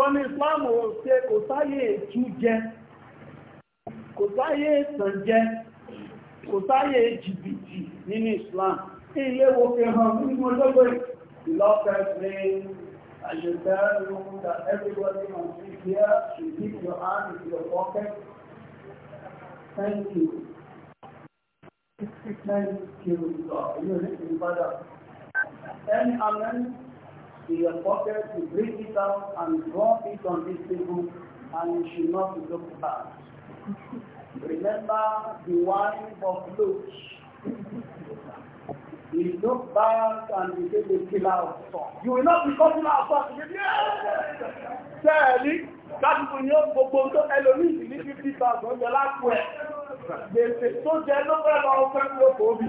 wọ́n ní Islam ò ṣe kò sáyé ètú jẹ kò sáyé ìtàn jẹ kò sáyé jìbìtì nínú Islam ilé wo fi hàn nínú olóògbé ìlọ́pẹ́ pé àṣẹ̀dá that everybody must be here to keep your hand in your pocket thank you thank you sir ilé ìbádà any amendment to your pocket to bring it out and drop it on this table and you should not look back. Remember the wife of Lot. He looked back and became the killer of song. You will not be cutting out song. Sẹ́ẹ̀lì, káàkiri ní ó gbogbo tó ẹlòmíì ní 50,000 yọ lápò ẹ̀. Gbèsè tó jẹ ló fẹ́ lọ fẹ́ lóko omi.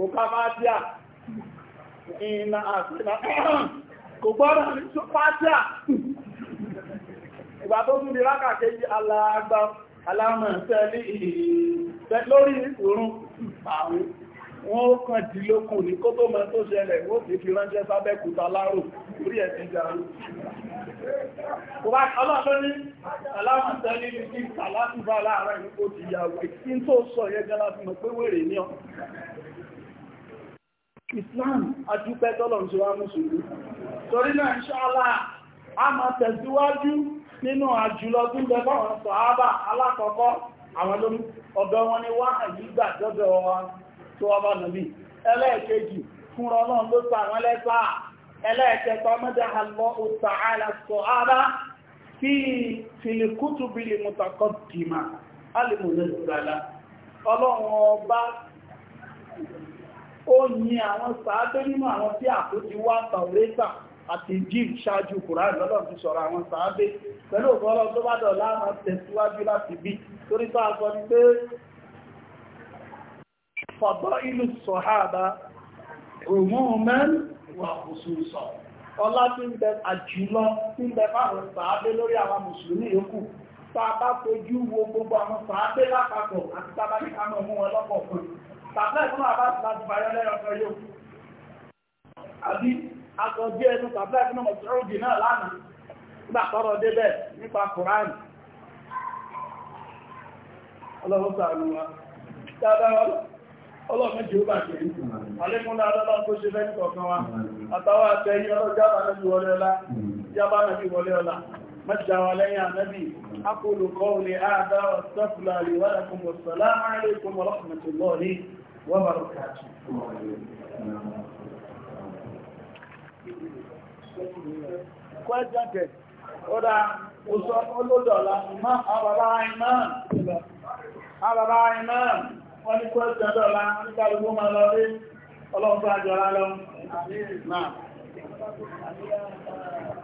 kò ká fátíà ìnà àṣílá kò gbọ́nà ní tó fátíà ìgbà tó tún di rákàkẹ́ yí aláàgbà alámọ̀ẹ́sẹ́lì lórí ìrún àwọn wọ́n ó kàn dí lókùn ní kó tó mọ́ tó ṣẹlẹ̀ ó sì fi ránṣẹ́ sábẹ́kùta lárò orí ẹ̀sìn jàrú Ọlọ́run aláwọ̀ntẹ́lì ní ìsàlásùfà láàárín ó ti yàwó ìsìn tó sọ yẹ jẹ́ láti mọ̀ pé wèrè ní ọ. Islam adúpẹ́ tọ́lọ̀ ń ṣe torí náà ṣọ́lá a ma tẹ̀síwájú nínú àjùlọ tó lẹ báwọn sọ̀hábà alákọ̀ọ́kọ́ àwọn wọn ni wá àyígbà dọ́dọ̀ wọn tó ọba nàbí ẹlẹ́ẹ̀kejì náà ọlọ́run ó yin àwọn sàábé nínú àwọn tí ti wá tàwọ́lẹ́sà àti jí ṣáájú kùránì lọ́lọ́ ti sọ̀rọ̀ àwọn sàábé pẹ̀lú ọ̀gọ́rọ̀ tó bá dọ̀ láàmà tẹ̀síwájú láti bí torí bá sọ ní pé fàbọ́ ìlú sọ̀háàbá rùmúùmẹ́n wà wo gbogbo àwọn sàábé lápapọ̀ àti bàbá ìfún àbá láti bàyọ́ lẹ́yọ̀ kan yóò àbí akọ̀ bí ẹnu bàbá ìfún ọmọ sọ̀rọ̀ òdì náà lánàá nígbà tọrọ débẹ̀ nípa kùránì ọlọ́run sàánú wa dáadáa ọlọ́run jù bàjẹ́ àlékún dáadáa kó ṣe وبركاته Kwẹ́jọ́kẹ̀, ó dá oṣù olódọ̀lá, ìmá àbàbá ìmáà, àbàbá ìmáà, wọ́n ní kwẹ́jọ́ dọ̀lá, gbogbo lọ rí ọlọ́pàá